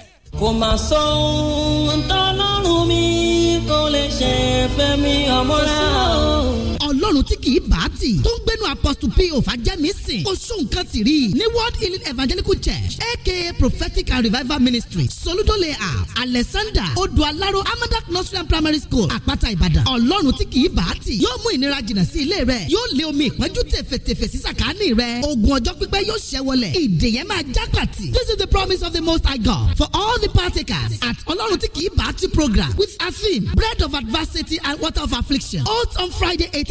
kò mà sọ ohun tọ́lọ́run mi kò lè ṣe fẹ́mi ọmọ náà. ọlọ́run tí kì í bá tì tó ń gbénu apostle p òfàjẹ́mísìn kò sóhun kan sì rí ní world healing evangelical church aka prophetic and revival ministry soludo layout alexander odualaro amadak nursery and primary school àpáta ìbàdàn ọlọ́run tí kì í bá tì yóò mú ìnira jìnnà sí ilé rẹ yóò lé omi ìpọ́njú tẹ̀fẹ̀tẹ̀fẹ̀ sí sàkáání rẹ ogun ọjọ́ pípẹ́ yóò ṣẹ́ wọlé ìdè yẹn máa já pàtì this is the promise of the most high god for all the partakers at ọlọ́run tí kì bá tì program with a theme bread of adversity and water of affliction out on friday eight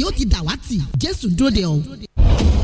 yóò ti dàwátì jésù dúró de ọ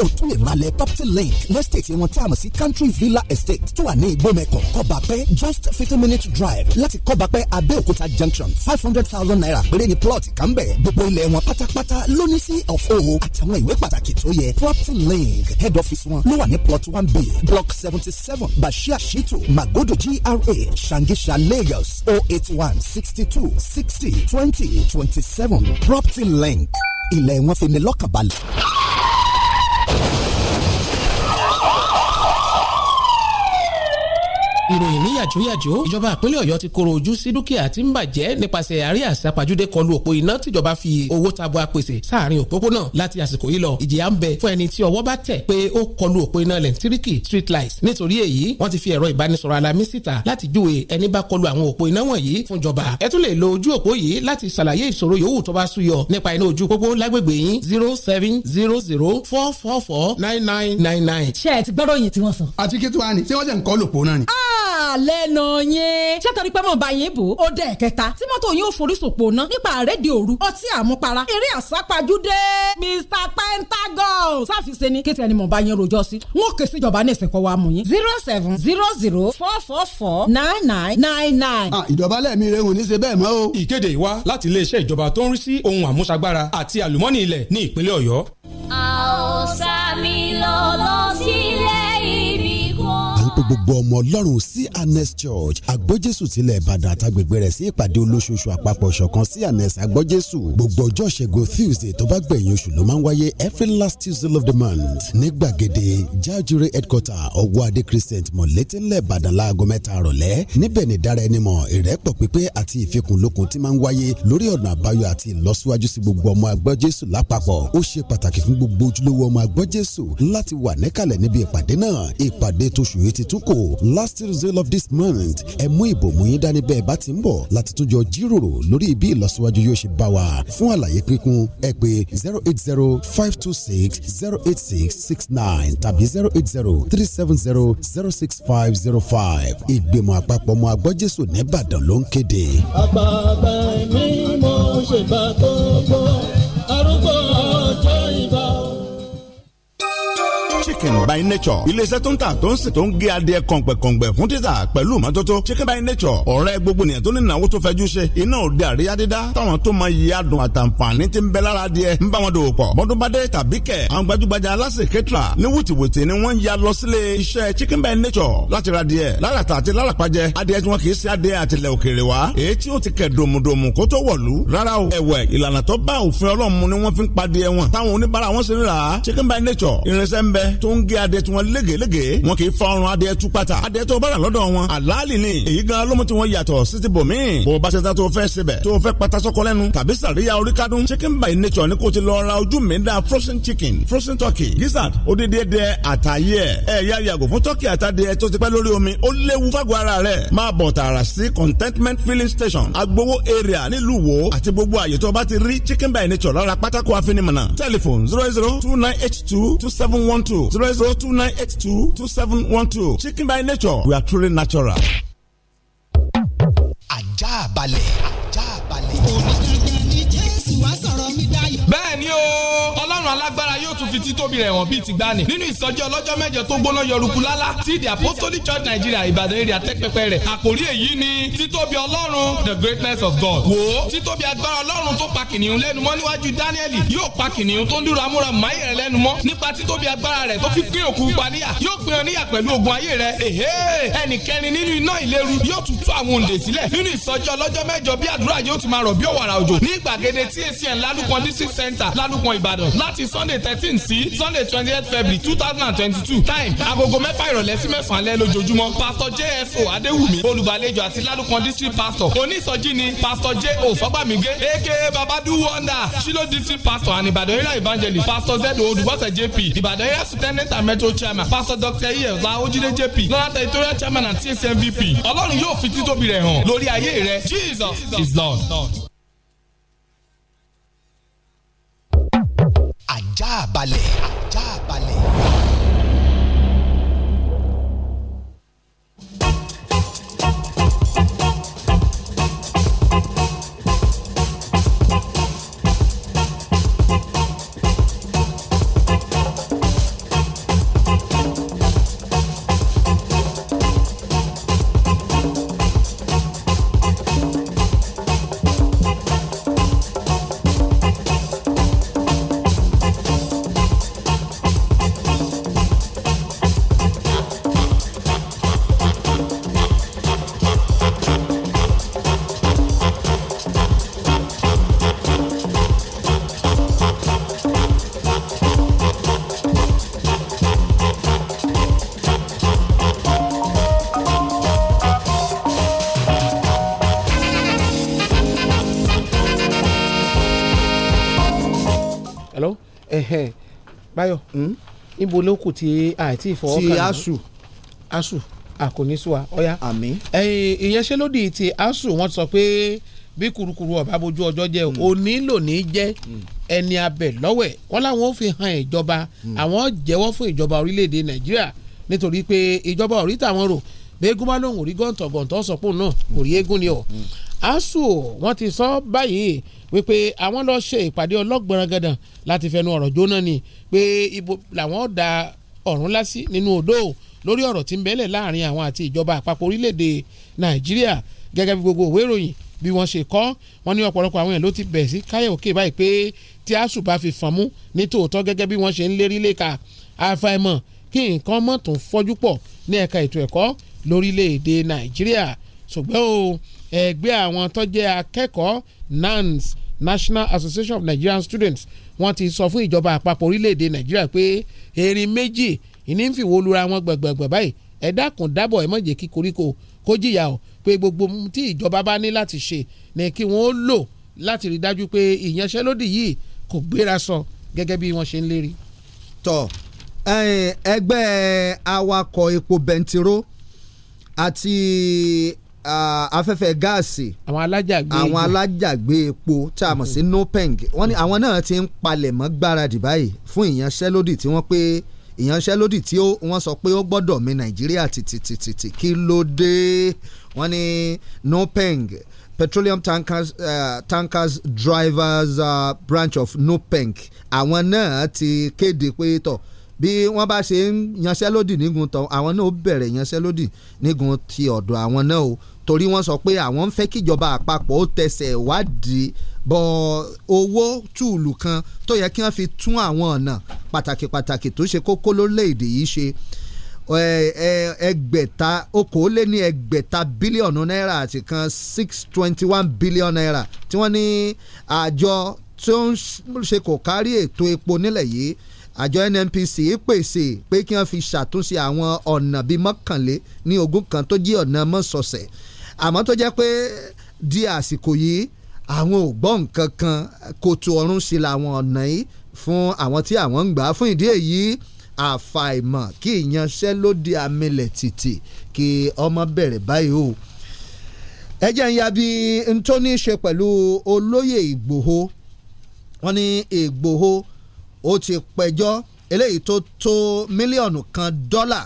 o tún lè property link lẹ́sítẹ̀tì wọn tí a mọ̀ sí country villa estate tó wà ní ìgbọ́mẹ̀kọ̀ kọ́bàpẹ́ just fifty minutes drive láti kọ́bàpẹ́ abẹ́òkúta junction five hundred thousand naira péré ni plot kan bẹ̀ gbogbo ilẹ̀ wọn pátápátá ló ní sí ọ̀fọ̀ àtàwọn ìwé pàtàkì tó yẹ property link head office wọn ló wà ní plot one b block seventy seven bashir shitu magodo gra shangisha lagos O oh eight one sixty two sixty twenty twenty seven property link ilẹ̀ wọn fi ni lọ́kànbalẹ̀. that. ìròyìn níyàjóyàjó ìjọba ìpínlẹ̀ ọ̀yọ́ ti koro ojú sí dúkìá tí ń bàjẹ́ nípasẹ̀ àárẹ̀ àṣàpàjúdé kọlu òpó iná tìjọba fi owó tabua pèsè sáàrin òpópónà láti àsìkò yìí lọ ìjìyà ń bẹ fún ẹni tí ọwọ́ bá tẹ̀ pé ó kọlu òpó iná lẹ́ńtíríkì street light nítorí èyí wọ́n ti fi ẹ̀rọ ìbánisọ̀rọ̀ alamí síta láti júwe ẹni bá kọlu àwọn òpó iná wọ̀nyí fún jọba ẹ tún lè lo ojú òpó yìí láti ṣàlàyé ìṣòro yòówù tó zero seven zero zero four four four nine nine nine nine. ṣé ẹ ti gbọ́dọ̀ yìí tí wọ́n sọ. àti kí ni. Ah! lẹ́nu yẹn. ṣé torí pé bá yín bò ó dẹ̀ kẹta tí mọ́tò yín ò ná nípa àrédìí òru ọtí àmupara eré àsápajúdé Mr Pentagon sáfìsẹ́ ni kéte ẹni mo bá yín rojọ́ sí. n ó ké síjọba ní ìsìnkọ́ wa mú yín. zero seven zero zero four four four nine nine nine nine. Ah, ìdọ̀bálẹ̀ mi rẹ̀ ń ṣe bẹ́ẹ̀ mọ́ o. ìkéde ìwá láti iléeṣẹ́ ìjọba tó ń rí sí ohun àmúṣagbára àti àlùmọ́nì ilẹ̀ ní ìpínlẹ̀ gbogbo ọmọ ọlọ́run sí anes church agbójésù tilẹ̀ ìbàdàn àtàgbègbè rẹ̀ sí ìpàdé olóṣooṣù àpapọ̀ ṣọ̀kan sí anes agbójésù gbogbo ọjọ́ ṣẹ́gun tuesday tó bá gbẹ̀yìn oṣù ló máa ń wáyé every last tuesday of the month ní gbàgede jajure headquarter ọwọ́ adé christian mọ̀lẹ́tẹ̀lẹ̀ ìbàdàn láago mẹ́ta rọ̀lẹ́ níbẹ̀ ni dára ẹni mọ̀ ìrẹ́pọ̀ pípé àti ìfikùnlukùn ti máa ń wáyé lórí ọ̀nà àbáyọ àti ìlọsíwájú sí gbogbo ọmọ agbọ́jésù lápapọ̀ ó ṣe pàtàkì fún gbogbo ojúlówó ọmọ agbọ́jésù láti wà níkàlẹ̀ níbi ìpàdé náà ìpàdé tóṣù yìí ti tó Tuko last result of this month ẹ mú ìbòmú yín dání bẹ́ẹ̀ bá ti ń bọ̀ láti tún jọ jíròrò lórí bí ìlọsíwájú yóò ṣe bá wa fún àlàyé kíkún ẹ pè zero eight zero five two six zero eight six six nine tàbí zero eight zero three seven zero zero six five zero five ìgbìmọ̀ àpapọ̀ ọmọ agbọ́jésù nìbàdàn ló ń kéde. àbàbà mi mo ṣèbà tó gbọ́ arúgbó. chicken by nature iléeṣẹ́ tó ń tà tó ń sè tó ń gé adìẹ kọ̀ǹpẹ̀kọ̀ǹpẹ̀ fún títà pẹ̀lú mọ́tótó chicken by nature ọ̀rẹ́ gbogbo nìyẹn tó ní ìnáwó tó fẹ́jú ṣe iná òde àríyá dídá táwọn tó máa yí adùn àtàǹfààní ti ń bẹ lára adìẹ ń bá wọn dòwò pọ̀ bọ́dúnbádé tàbí kẹ̀ àwọn gbajúgbajà aláṣẹ kẹtìrà ní wùtìwùtì ni wọ́n ya lọ sílé iṣẹ́ chicken by nature láti ra adìẹ lálàtà àti lálàpàjẹ adìẹ tí wọn kì í ṣe adìẹ àtìlẹ̀ òkèèrè wa èyí tí ó ti kẹ̀ dòmùdòmù kó tó wọ̀lú rárá ni wọ́n fi ń chicken by nature irinṣẹ́ ń tó ń gé adẹ tí wọ́n légelége wọn kì í fa ọrùn adẹ tú pata adẹ tó bára lọ́dọ̀ wọn àlàálì ni èyí gan ló mú tí wọ́n yàtọ̀ sí ti bòmíì bá ṣe ta tó fẹ́ sebẹ̀ tó fẹ́ pata sọ́kọ lẹ́nu tàbí sàríya orí kádùn chicken by nature ni kò ti lọ ra ojú mi da frozen chicken frozen turkey gizzard odidi dẹ àtàyè ẹ yá yàgò fún turkey àtàdé tó ti pẹ́ lórí omi ó léwu fágọ̀ ara rẹ̀ máa bọ̀ tààrà sí contentment filling station agbowó area nílùú wo àti gbogbo àyè tó bá ti rí chicken by nature lára pátákó àfinimọ̀nà telephone zero zero two nine eight two two seven one two zero zero two nine eight two two seven one two chicken by nature we are truly natural. ajá balẹ̀ ajá balẹ̀ bẹ́ẹ̀ ni o ọlọ́run alágbára yóò tún fi títóbi rẹ̀ wọ̀n bíi ti gbani nínú ìsọjí ọlọ́jọ́ mẹ́jọ tó gbóná yọrùkú lálá ti the apostolic church nigeria ìbàdàn èrè àtẹ́pẹpẹ rẹ̀ àkòrí èyí ni títóbi ọlọ́run the greatness of god wo títóbi agbára ọlọ́run tó pa kìnìún lẹ́nu mọ́ níwájú dáníẹ́lì yóò pa kìnìún tó ń dúró amúramù máyé rẹ̀ lẹ́nu mọ́ nípa títóbi agbára rẹ̀ tó fi pín òkú paníyà yóò pín ọ níyà pẹ̀lú ogun ayé rẹ̀ èhé ẹnìkẹrin nínú iná ìléru yóò tún tú àwọn òǹdè sílẹ̀ nínú ìsọjí ọlọ́jọ́ mẹ́jọ bí community center lálùpọ̀ ìbàdàn láti sunday thirteen sí sunday twenty eight february two thousand and twenty two time agogo mẹ́fà ìrọ̀lẹ́ sí mẹ́fà alẹ́ lójoojúmọ́ pastor jfo adéwùmí olùgbàlejò àti lálùpọ̀ district pastor onísọjí ni pastor jo fọgbàmígé aka babadu wonder shilo district pastor and ìbàdàn area evangelist pastor zedo odubọsẹ jp ìbàdàn area superintendent and metro chairman pastor dr ef laojide jp lọ́nà territorial chairman and tsmvp ọlọ́run yóò fi títóbi rẹ̀ hàn lórí ayé rẹ̀ jesus is lord. lord. balẹ̀. báyọ̀ hmm? níbo ló kù tí àìtí ìfọwọ́kàn ti asu asu àkóníṣùwà ọ̀yá àmín ìyanṣẹ́lódì ti asu wọ́n sọ pé bí kurukuru ọba bójú ọjọ́ jẹ́ hmm. òní lòní jẹ́ hmm. ẹni abẹ lọ́wẹ̀ wọ́n láwọn ò fi hàn ìjọba àwọn jẹ́wọ́ fún ìjọba orílẹ̀-èdè nàìjíríà nítorí pé ìjọba orí tàwọn rò bẹ́ẹ̀ gúnmá lòun ò rí gọ́ǹtọ̀gọ̀ǹtọ̀ sọ pé òun náà kò rí eégún ni ọ̀ ASUU wọ́n ti sọ báyìí wípé àwọn lọ ṣe ìpàdé ọlọ́gbọ̀nrán gàdàn láti fẹnu ọ̀rọ̀ jóná ni pé ibo làwọn da ọ̀run lásì nínú odò lórí ọ̀rọ̀ tí ń bẹ́lẹ̀ láàrin àwọn àti ìjọba àpapọ̀ orílẹ̀-èdè Nàìjíríà gẹ́gẹ́ bí gbogbo òwe ìròyìn bí wọ́n ṣe kọ́ wọ́n ní ọ̀pọ̀lọpọ̀ àwọn èèyàn ló ti bẹ̀ sí káyọ̀ òkè báyìí pé tí ASUU bá fi fọ́n mú ní tòótọ́ gẹ́gẹ́ bí wọ́n ṣe ń lérí léka àfàìmọ̀ kí nǹkan mọ̀ tó ń fọ́jú pọ̀ ní ẹ̀ka ètò ẹ̀kọ́ lórílẹ̀‐èdè Nàìjíríà ṣùgbọ́n o ẹgbẹ́ àwọn tó jẹ́ akẹ́kọ̀ọ́ NANS National Association of Nigerian Students wọ́n ti sọ fún ìjọba àpapọ̀ orílẹ̀‐èdè Nàìjíríà pé erin méjì ìní ń fìwò lura wọn gbẹ̀gbẹ̀gbẹ̀ báyìí ẹ dákun dábọ̀ ẹ má jẹ́ kí koríko kó jìyà o pé gbogbo tí ìjọba bá ní láti ṣe ni kí wọ́n lò láti rí dájú pé ìyanṣẹ́lódì yìí kò gbéra sọ gẹ́gẹ́ bí wọ́n ṣe ń lérí. tọ́ ẹgbẹ́ awakọ̀ epo bẹntiró àti afẹ́fẹ́ gáàsì àwọn alájàgbé àwọn alájàgbé epo tá a mọ̀ sí mm-hmm. nopeng wọ́n ní àwọn náà ti ń palẹ̀ mọ́ gbáradì báyìí fún ìyanṣẹ́lódì tí wọ́n pé ìyanṣẹ́lódì tí wọ́n sọ pé ó gbọ́dọ̀ mi nàìjíríà tìtìtìtì kí ló dé wọ́n ní nopeng petroleum tankers uh, tankers drivers uh, branch of nopeng àwọn náà ti kéde pé tọ̀. Uh, bí wọ́n bá ṣe ń yanṣẹ́lódì nígun tán àwọn náà ó bẹ̀rẹ̀ yanṣẹ́lódì nígun ti ọ̀dọ̀ àwọn náà o torí wọ́n sọ pé àwọn ń fẹ́ kíjọba àpapọ̀ ó tẹsẹ̀ wádìí bọ owó túùlù kan tó yẹ kí wọ́n fi tún àwọn ọ̀nà pàtàkì pàtàkì tó ṣe kókó lórílẹ̀‐èdè yìí ṣe ẹgbẹ̀ta okòóléní ẹgbẹ̀ta bílíọ̀nù náírà àti kan six twenty one bílíọ̀nù náírà tí wọ́n ní àjọ tó ń ṣe kò kárí ètò epo nílẹ̀ yìí àjọ NNPC pèsè pé kí wọ́n fi ṣàtúnṣe àwọn ọ̀nà bíi mọ́kànlé ní ogún kan tó jí ọ̀nà mọ́sọ̀sẹ̀ àmọ́ tó jẹ́ pé di àsìkò yìí àwọn ò gbọ́ nǹkan kan kòtò ọ̀run sí làwọn ọ̀nà yìí fún àwọn tí àwọn ń gbà á fún ìdí èyí àfàìmọ̀ kí ìyanṣẹ́lódì amilẹ̀ tìtì kí ọmọ bẹ̀rẹ̀ báyìí o ẹ ń ya bí tó ní í ṣe pẹ̀lú olóyè Ìgbòho wọ́n ní Ìgbòho e ó ti pẹjọ́ eléyìí tó tó mílíọ̀nù kan dọ́là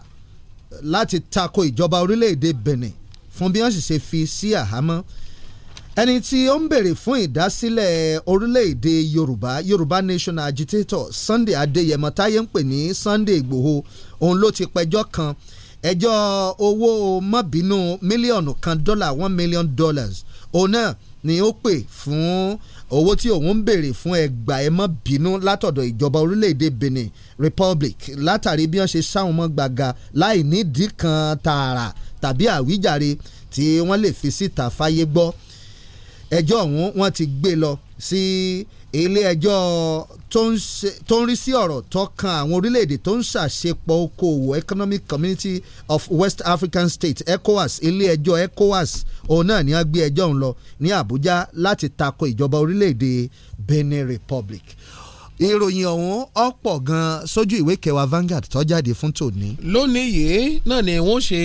láti tako ìjọba orílẹ̀-èdè Benin fún bí wọ́n sì ṣe fi sí àhámọ́ ẹni tí ó ń bèrè fún ìdásílẹ̀ orílẹ̀-èdè Yorùbá Yorùbá National Agitator Sunday Adéyẹmọ táyé ń pè ní Sunday Ìgbòho òun ló ti pẹjọ́ kan ẹjọ́ owó mọ́bínú mílíọ̀nù kan dọ́là one million dollars òun náà ni ó pè fún owó tí òun ń béèrè fún ẹgbà ẹ mọ́ bínú látọ̀dọ̀ ìjọba orílẹ̀‐èdè Benin Republic látàrí bí wọ́n ṣe sáwọn mọ́ gbàgà láì nídìí kan tààrà tàbí àwíjàre tí wọ́n lè fi síta fáyé gbọ́ ẹjọ́ ọ̀hún wọ́n ti gbé lọ sí si, ilé ẹjọ́ tó ń rí sí ọ̀rọ̀ tó kan àwọn orílẹ̀-èdè tó ń ṣàṣepọ̀ okòwò Economic Community of West African States ECOWAS ilé ẹjọ́ ECOWAS òun náà ni wọ́n gbé ẹjọ́ ń lọ ní Àbújá láti tako ìjọba orílẹ̀-èdè Benin Republic ìròyìn ọ̀hún ọ̀pọ̀ gan-an sójú ìwé kẹwàá Vanguard tó jáde fún tòní. lónìí yìí náà ni wọ́n ṣe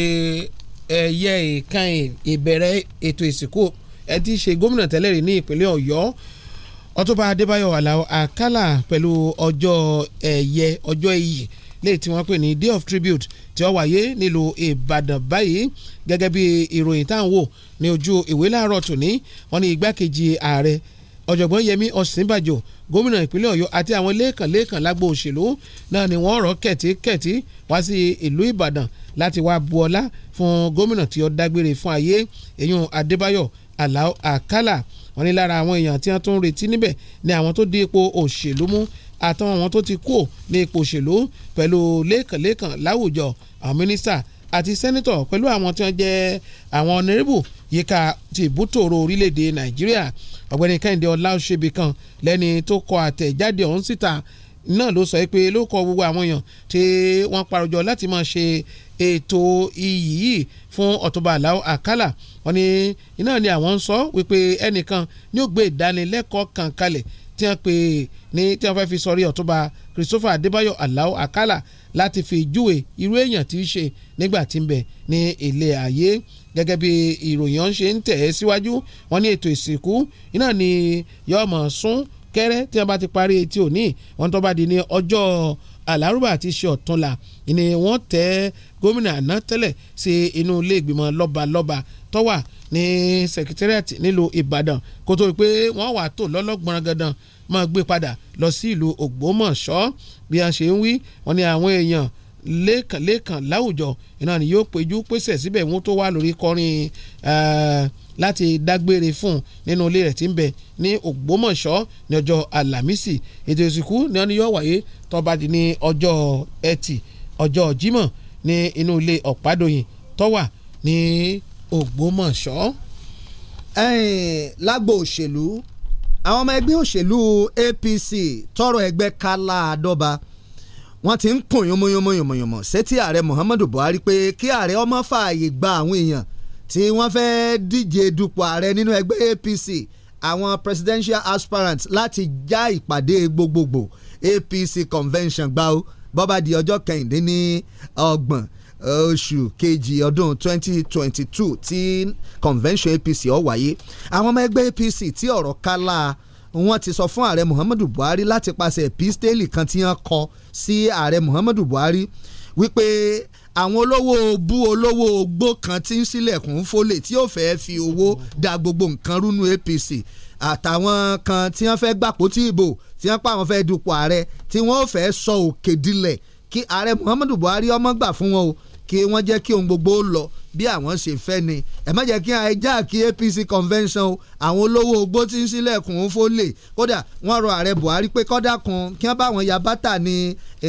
ẹ̀yẹ ìkànnì ìbẹ̀rẹ̀ ètò ìsìnkú ẹ ti ṣe gómìnà tẹ́lẹ̀ rí ní ìpínlẹ̀ Ọ̀yọ́ ọtúnba adébáyọ̀ aláwọ̀ àkàlà pẹ̀lú ọjọ́ ẹ̀yẹ ọjọ́ iyì léyìí tí wọ́n pè ní day of tribute tí ó wáyé nílùú ìbàdàn báyìí gẹ́gẹ́ bí ìròyìn tá à ń wò ní ojú ìwé láàárọ̀ tòní wọ́n ní igbákejì ààrẹ ọ̀jọ̀gbọ́n yẹmí ọ̀sínbàjò gómìnà ìpínlẹ̀ ọ̀yọ́ àti àwọn lẹ́ẹ̀kan lágbo òṣèlú náà ni wọ́n rọ̀ kẹ̀tíkẹ̀tí wá sí ìlú ìbàdàn láti wá bu ọlá fún gómìnà tí ó dágbére fún ayé èyún adébáyọ̀ Alao Akala wọ́n ní lára àwọn èèyàn tí wọ́n tún ń retí níbẹ̀ ni àwọn tó di ipò òṣèlú mú àtàwọn àwọn tó ti kú ò ní ipò òṣèlú pẹ̀lú lẹ́ẹ̀kanlẹ́ẹ̀kan láwùjọ àwọn mínísítà àti sẹ́nítọ̀ pẹ̀lú àwọn tí wọ́n jẹ́ àwọn ọ̀nẹ́rẹ́bù yíká ti ìbútòrò orílẹ̀-èdè nàìjíríà ọ̀gbẹ́ni kẹ́hìndé ọláòṣèbí kan lẹ́ni tó kọ àtẹ̀jáde ọ̀hún síta náà ló sọ pé ló kọ gbogbo àwọn èèyàn tí wọ́n parọ́jọ láti máa ṣe ètò iyì yìí fún ọ̀túnba aláwọ̀ àkàlà wọn ni iná ni àwọn ń sọ wípé ẹnìkan ní ó gbé ìdánilẹ́kọ̀ọ́ kan kalẹ̀ tí wọ́n pè ní tí wọ́n fẹ́ fi sọrí ọ̀túnba Christopher Adébáyọ̀ aláwọ̀ àkàlà láti fi júwe irú èèyàn tí í ṣe nígbà tí ń bẹ ní ilé ayé gẹ́gẹ́ bí ìròyìn ọ̀hún ṣe ń tẹ̀ ẹ́ síwájú wọn ní ètò ìsìnkú iná ni yọmọ sún kẹ́rẹ́ tí wọ́n bá ti parí etí òní wọn tó bá di ní ọjọ́ alárùbá àti ṣe ọ̀túnla ni wọ́n tẹ́ gómìnà àná tẹ́lẹ̀ sí inú ilé ìgbìmọ̀ lọ́balọ́ba tó wà ní secretariat nílùú Ìbàdàn kó tó pé wọ́n wà tó lọ́lọ́gbọ̀n gandan máa gbé padà lọ sí ìlú Ògbómọ̀ṣọ́ bí a ṣe ń wí wọ́n ní àwọn èèyàn lẹ́kànlẹ́kàn láwùjọ iná ni yóò péjú pèsè síbẹ̀ wọn tó wà lórí kọrin láti dágbére fún nínú ilé rẹ̀ tí ń bẹ ní Ògbómọ̀ṣọ́ ní ọjọ́ Àlàmísì ètò ìsìnkú ni wọ́n ní yóò wáyé tó di ní ọjọ́ Ẹtì ọjọ́ Jímọ̀ ní inú ilé Ọ̀pádòyìn tó wà ní Ògbómọ̀ṣọ́. lágbo òṣèlú àwọn ọmọ ẹgbẹ́ òṣèlú APC tọrọ ẹgbẹ́ kala àdọ́ba wọ́n ti ń kùn yomoyomoyomoyomo sétí ààrẹ Muhammadu Buhari pé kí ààrẹ ọmọ fààyè gba àwọn èèyàn tí wọ́n fẹ́ẹ́ díje dupò ààrẹ nínú ẹgbẹ́ APC àwọn presidential aspirants láti já ìpàdé gbogbogbò APC convention gbáwó bọ́ba di ọjọ́ kẹrìndínlọ́gbọ̀n oṣù kejì ọdún 2022 tí convention APC ó wáyé àwọn ọmọ ẹgbẹ́ APC tí ọ̀rọ̀ kálá wọ́n ti sọ fún ààrẹ Muhammadu Buhari láti paṣẹ epistele kan tí wọ́n kọ sí ààrẹ Muhammadu Buhari wípé àwọn olówó bú olówó ogbó kan ti ń sílẹ̀kùn fólè tí ó fẹ́ fi owó da gbogbo nǹkan rúnú APC àtàwọn kan tí wọ́n fẹ́ gbàpò tí ìbò tí wọ́n pa àwọn fẹ́ dupò ààrẹ tí wọ́n fẹ́ sọ òkè dilẹ̀ kí ààrẹ Muhammadu Buhari ọmọ gbà fún wọn o kí wọ́n jẹ́ kí ohun gbogbo lọ bí àwọn ṣe fẹ́ ni ẹ má jẹ́ kí ẹ já kí APC convention o àwọn olówó ogbó tí ń sílẹ̀kùn fó lè kódà wọ́n rọ ààrẹ Buhari pé kọ́dà kan kí wọ́n bá wọn ya bàtà ní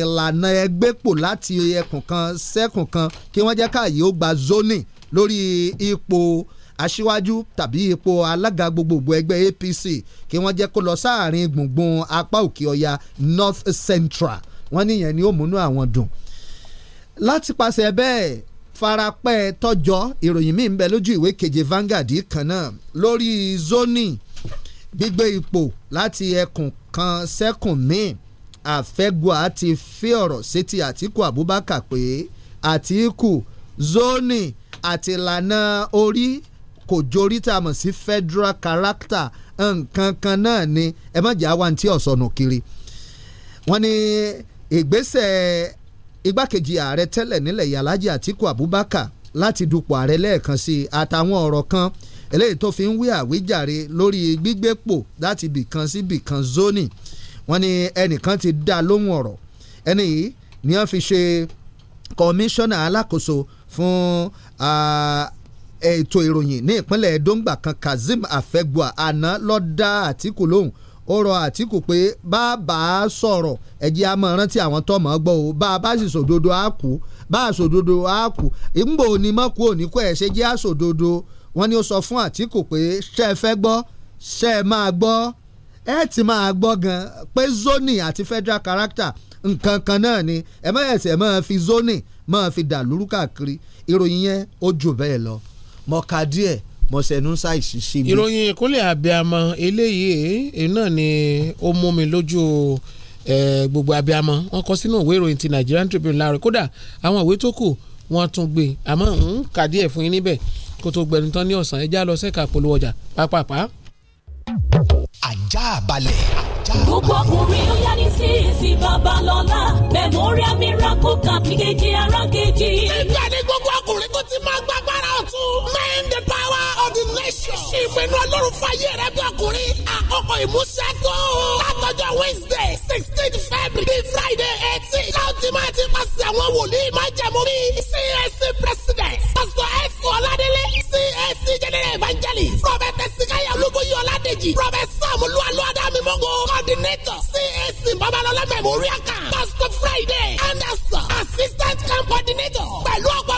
ìlànà ẹgbẹ́ pò láti ẹkùn kan sẹ́kùn kan kí wọ́n jẹ́ káàyè ó gba zoning lórí ipò aṣíwájú tàbí ipò alága gbogbogbò ẹgbẹ́ APC kí wọ́n jẹ́ kó lọ sáàrin gbùngbùn apá òkè ọya North Central wọ́n níyẹn ni ó múnú àwọn dùn láti pàṣẹ bẹ́ẹ̀ farapẹ́ tọ́jọ́ ìròyìn míì ń bẹ lójú ìwé keje Vanguard kan náà lórí zoni gbígbé ipò láti ẹkùn kan sẹ́kùn míì àfẹ́gùà ti fi ọ̀rọ̀ sétí Àtíkù Abubakar pé Àtíkù zoni àtìlànà orí kò jorí tá a mọ̀ sí federal character nǹkan kan náà ni ẹ má jẹ́ àwa ní tí ọ̀sọ̀nù kiri wọ́n ní ìgbésẹ̀ igbákejì ààrẹ tẹ́lẹ̀ nílẹ̀ yàlájì Àtíkù Abubakar láti dupò ààrẹ lẹ́ẹ̀kan sí àtàwọn ọ̀rọ̀ kan eléyìí tó fi ń wí àwíjàre lórí gbígbépò láti bìkan sí bìkan zoni wọ́n ní ẹnìkan ti dá lóhùn ọ̀rọ̀ ẹni yìí ni wọ́n fi ṣe kọmíṣánná alákòóso fún ètò ìròyìn ní ìpínlẹ̀ Edo ńgbà kan Kazeem Afegbua àná ló dá Àtìkù lóhùn ó rọ Àtìkù pé bá a bá a sọ̀rọ̀ ẹ̀jẹ̀ a máa rántí àwọn tọ́mọ̀ gbọ́ o bá a bá sì sòdodo á kú bá a sòdodo á kú ìgbò ni mọ́kù òní kọ́ ẹ̀ ṣe jẹ́ a sòdodo wọ́n ní ó sọ fún Àtìkù pé ṣe é fẹ́ gbọ́ ṣe é máa gbọ́ ẹ ti máa gbọ́ gan pé zoni àti federal character nǹkan kan náà ni ẹ má ẹsẹ̀ máa fi zoni máa fi dàlúrú káàkiri ìròyìn yẹn ó jù bẹ́ẹ̀ lọ mo ka díẹ̀ mo sẹnu ṣàìsí sí mi. ìròyìn ìkúnlẹ̀ abiyamọ eléyìí náà ni ó mú mi lójú gbogbo abiyamọ wọn kọ sínú ìwé ìròyìn ti Nigerian Tribune láàárọ̀ kódà àwọn ìwé tó kù wọn tún gbé àmọ́ ń kà díẹ̀ fún yín níbẹ̀ kó tó gbẹnu tán ní ọ̀sán ẹjá lọ sẹ́ka polówó ọjà pápápá ajá balẹ̀. gbogbo ọkùnrin ó yá ní sísì babalọ́lá memorial miracle camp kejì ara kejì. ibẹ̀ ni gbogbo ọkùnrin tó ti máa gbàgbára ọ̀tún. main the power of the nation. ìpinnu ọlọ́run fàyè rẹ bí ọkùnrin. àkókò ìmúṣẹ tó. látọjọ́ wednesday sixteen february friday eighteen. láti máa ti pàṣẹ àwọn wòlíì máa jẹ̀mú mi. csc president pastor s ọládélé. CAC general evangelist prọfẹtẹ sikaya olúbóyè ọládèjì prọfẹsọ mulualu adamimogo coordinator CAC babalọla memorial camp pastor friday anderson assistant camp coordinator pẹ̀lú ọgbà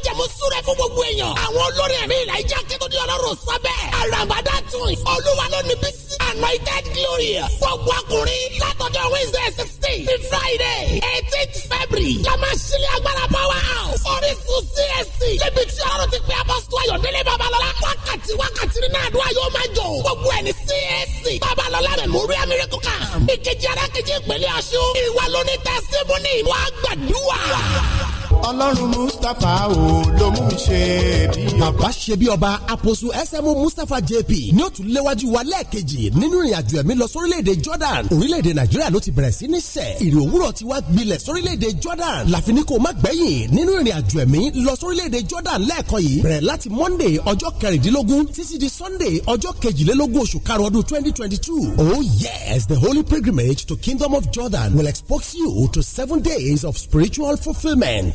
májẹ̀mú súré fún gbogbo èèyàn. àwọn olórin ẹ̀mí ìlà ìjà kíkúndí ọlọ́run sábẹ́. àràbàdà tún olúwa ló ní bí sí. anointed glory gbogbo ọkùnrin látọjọ́ wednesday sixteen ní friday eighteenth february yàmá sílẹ̀ agbára power house orísun csc níbi tí ọlọ́run ti pe apọ́sítù ayọ̀délé babalọ́lá wákàtí wákàtí nínú àdúrà yóò máa jò gbogbo ẹni csc babalọ́lá rẹ̀ mórí àmì rẹ̀ kọ́ka ìkejì arákejì ìpínlẹ̀ ọ̀ṣun ìwà lóní tẹ́símù ní ìwà ọlọ́run mustapha o ló mú mi ṣe bí ọba. bàbá ṣe bí ọba àpòsù ẹsẹmú mustapha jp ní ó tún léwájú wa lẹ́ẹ̀kejì nínú ìrìnàjò ẹ̀mí lọ sórílẹ̀-èdè jordan orílẹ̀-èdè nàìjíríà ló ti bẹ̀rẹ̀ sí ní sẹ̀ ìrì òwúrọ̀ ti wá gbilẹ̀ sórílẹ̀-èdè jordan láfi ní kó má gbẹ̀yìn nínú ìrìnàjò ẹ̀mí lọ sórílẹ̀-èdè jordan lẹ́ẹ̀kan yìí bẹ̀rẹ̀ láti monday ọjọ́ kẹrìndínlógún títí di sunday ọjọ́ kejìlélógún oṣù karùn-ún ọdún twenty twenty two oh yes the holy pilgrimage to kingdom of jordan will expose you to seven days of spiritual fulfilment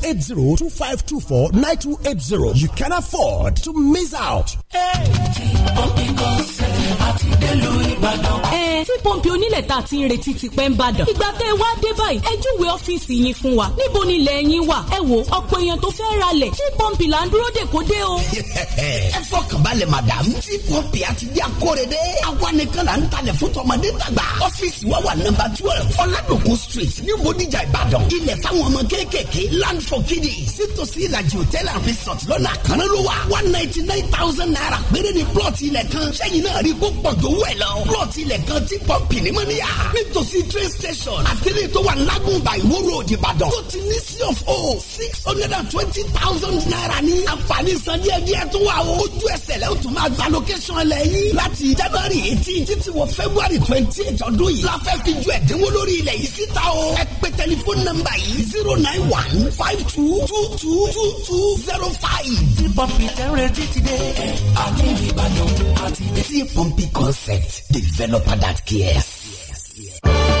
eight zero two five two four nine two eight zero. You can afford to miss out. ẹ tí pọ́ǹpì onílẹ̀ tá a ti ń retí ti pẹ́ ń bàdàn. ìgbà tẹ́ ẹ wá dé báyìí ẹ júwe ọ́fíìsì yín fún wa níbo ni ilẹ̀ yín wà ẹ wò ọ̀pọ̀ èèyàn tó fẹ́ ra lẹ̀ tí pọ́ǹpì là ń dúró dè kó dé o. <laughs> ẹ fọkàn balẹ̀ madam tí pọ́ǹpì àti bí akóredé àwa nìkan là ń talẹ̀ fún tọmọdé tàgbà ọ́fíìsì wa wà nọ́mbà twelve ọ̀làdòkun street ní bodijà ìbàdàn ilẹ̀ fáwọn ọmọ kéékèèké land For ṣògidì sítòsí ìlàjì hòtẹ́ẹ̀lì àfi sọ̀tì lọ́nà àkànná ló wà one ninety nine thousand naira péré ni plọ̀tì ilẹ̀ kan sẹ́yìn náà rí púpọ̀ tó wẹ̀ lọ plọ̀tì ilẹ̀ kan tí pọ́ǹpì ní mọ́níyà nítòsí train station àtẹ̀lé tó wà lágùnbà ìwó road ìbàdàn tó ti ní sí of o six hundred and twenty thousand naira ní àǹfààní san díẹ̀ díẹ̀ tó wà o ojú ẹsẹ̀ lẹ́yìn tó máa gba location ẹlẹ́ yìí láti january eighteen títí wọ february twenty eight ọdún yìí la fẹ́ fi ju ẹ̀dínwó lórí ilẹ̀ yìí síta o ẹ pè tẹlifóònù nọ́mbà yìí zero nine one five two two two two two zero five. tí pọ́ǹpì tẹ́ ń retí ti dé. àti ìbàdàn àti tí pọ́ǹpì concept developer that cares. Yes, yes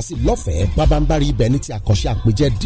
kan sí lọ́fẹ̀ẹ́ bábánbárí ibẹ̀ ní ti àkànṣe àpèjẹ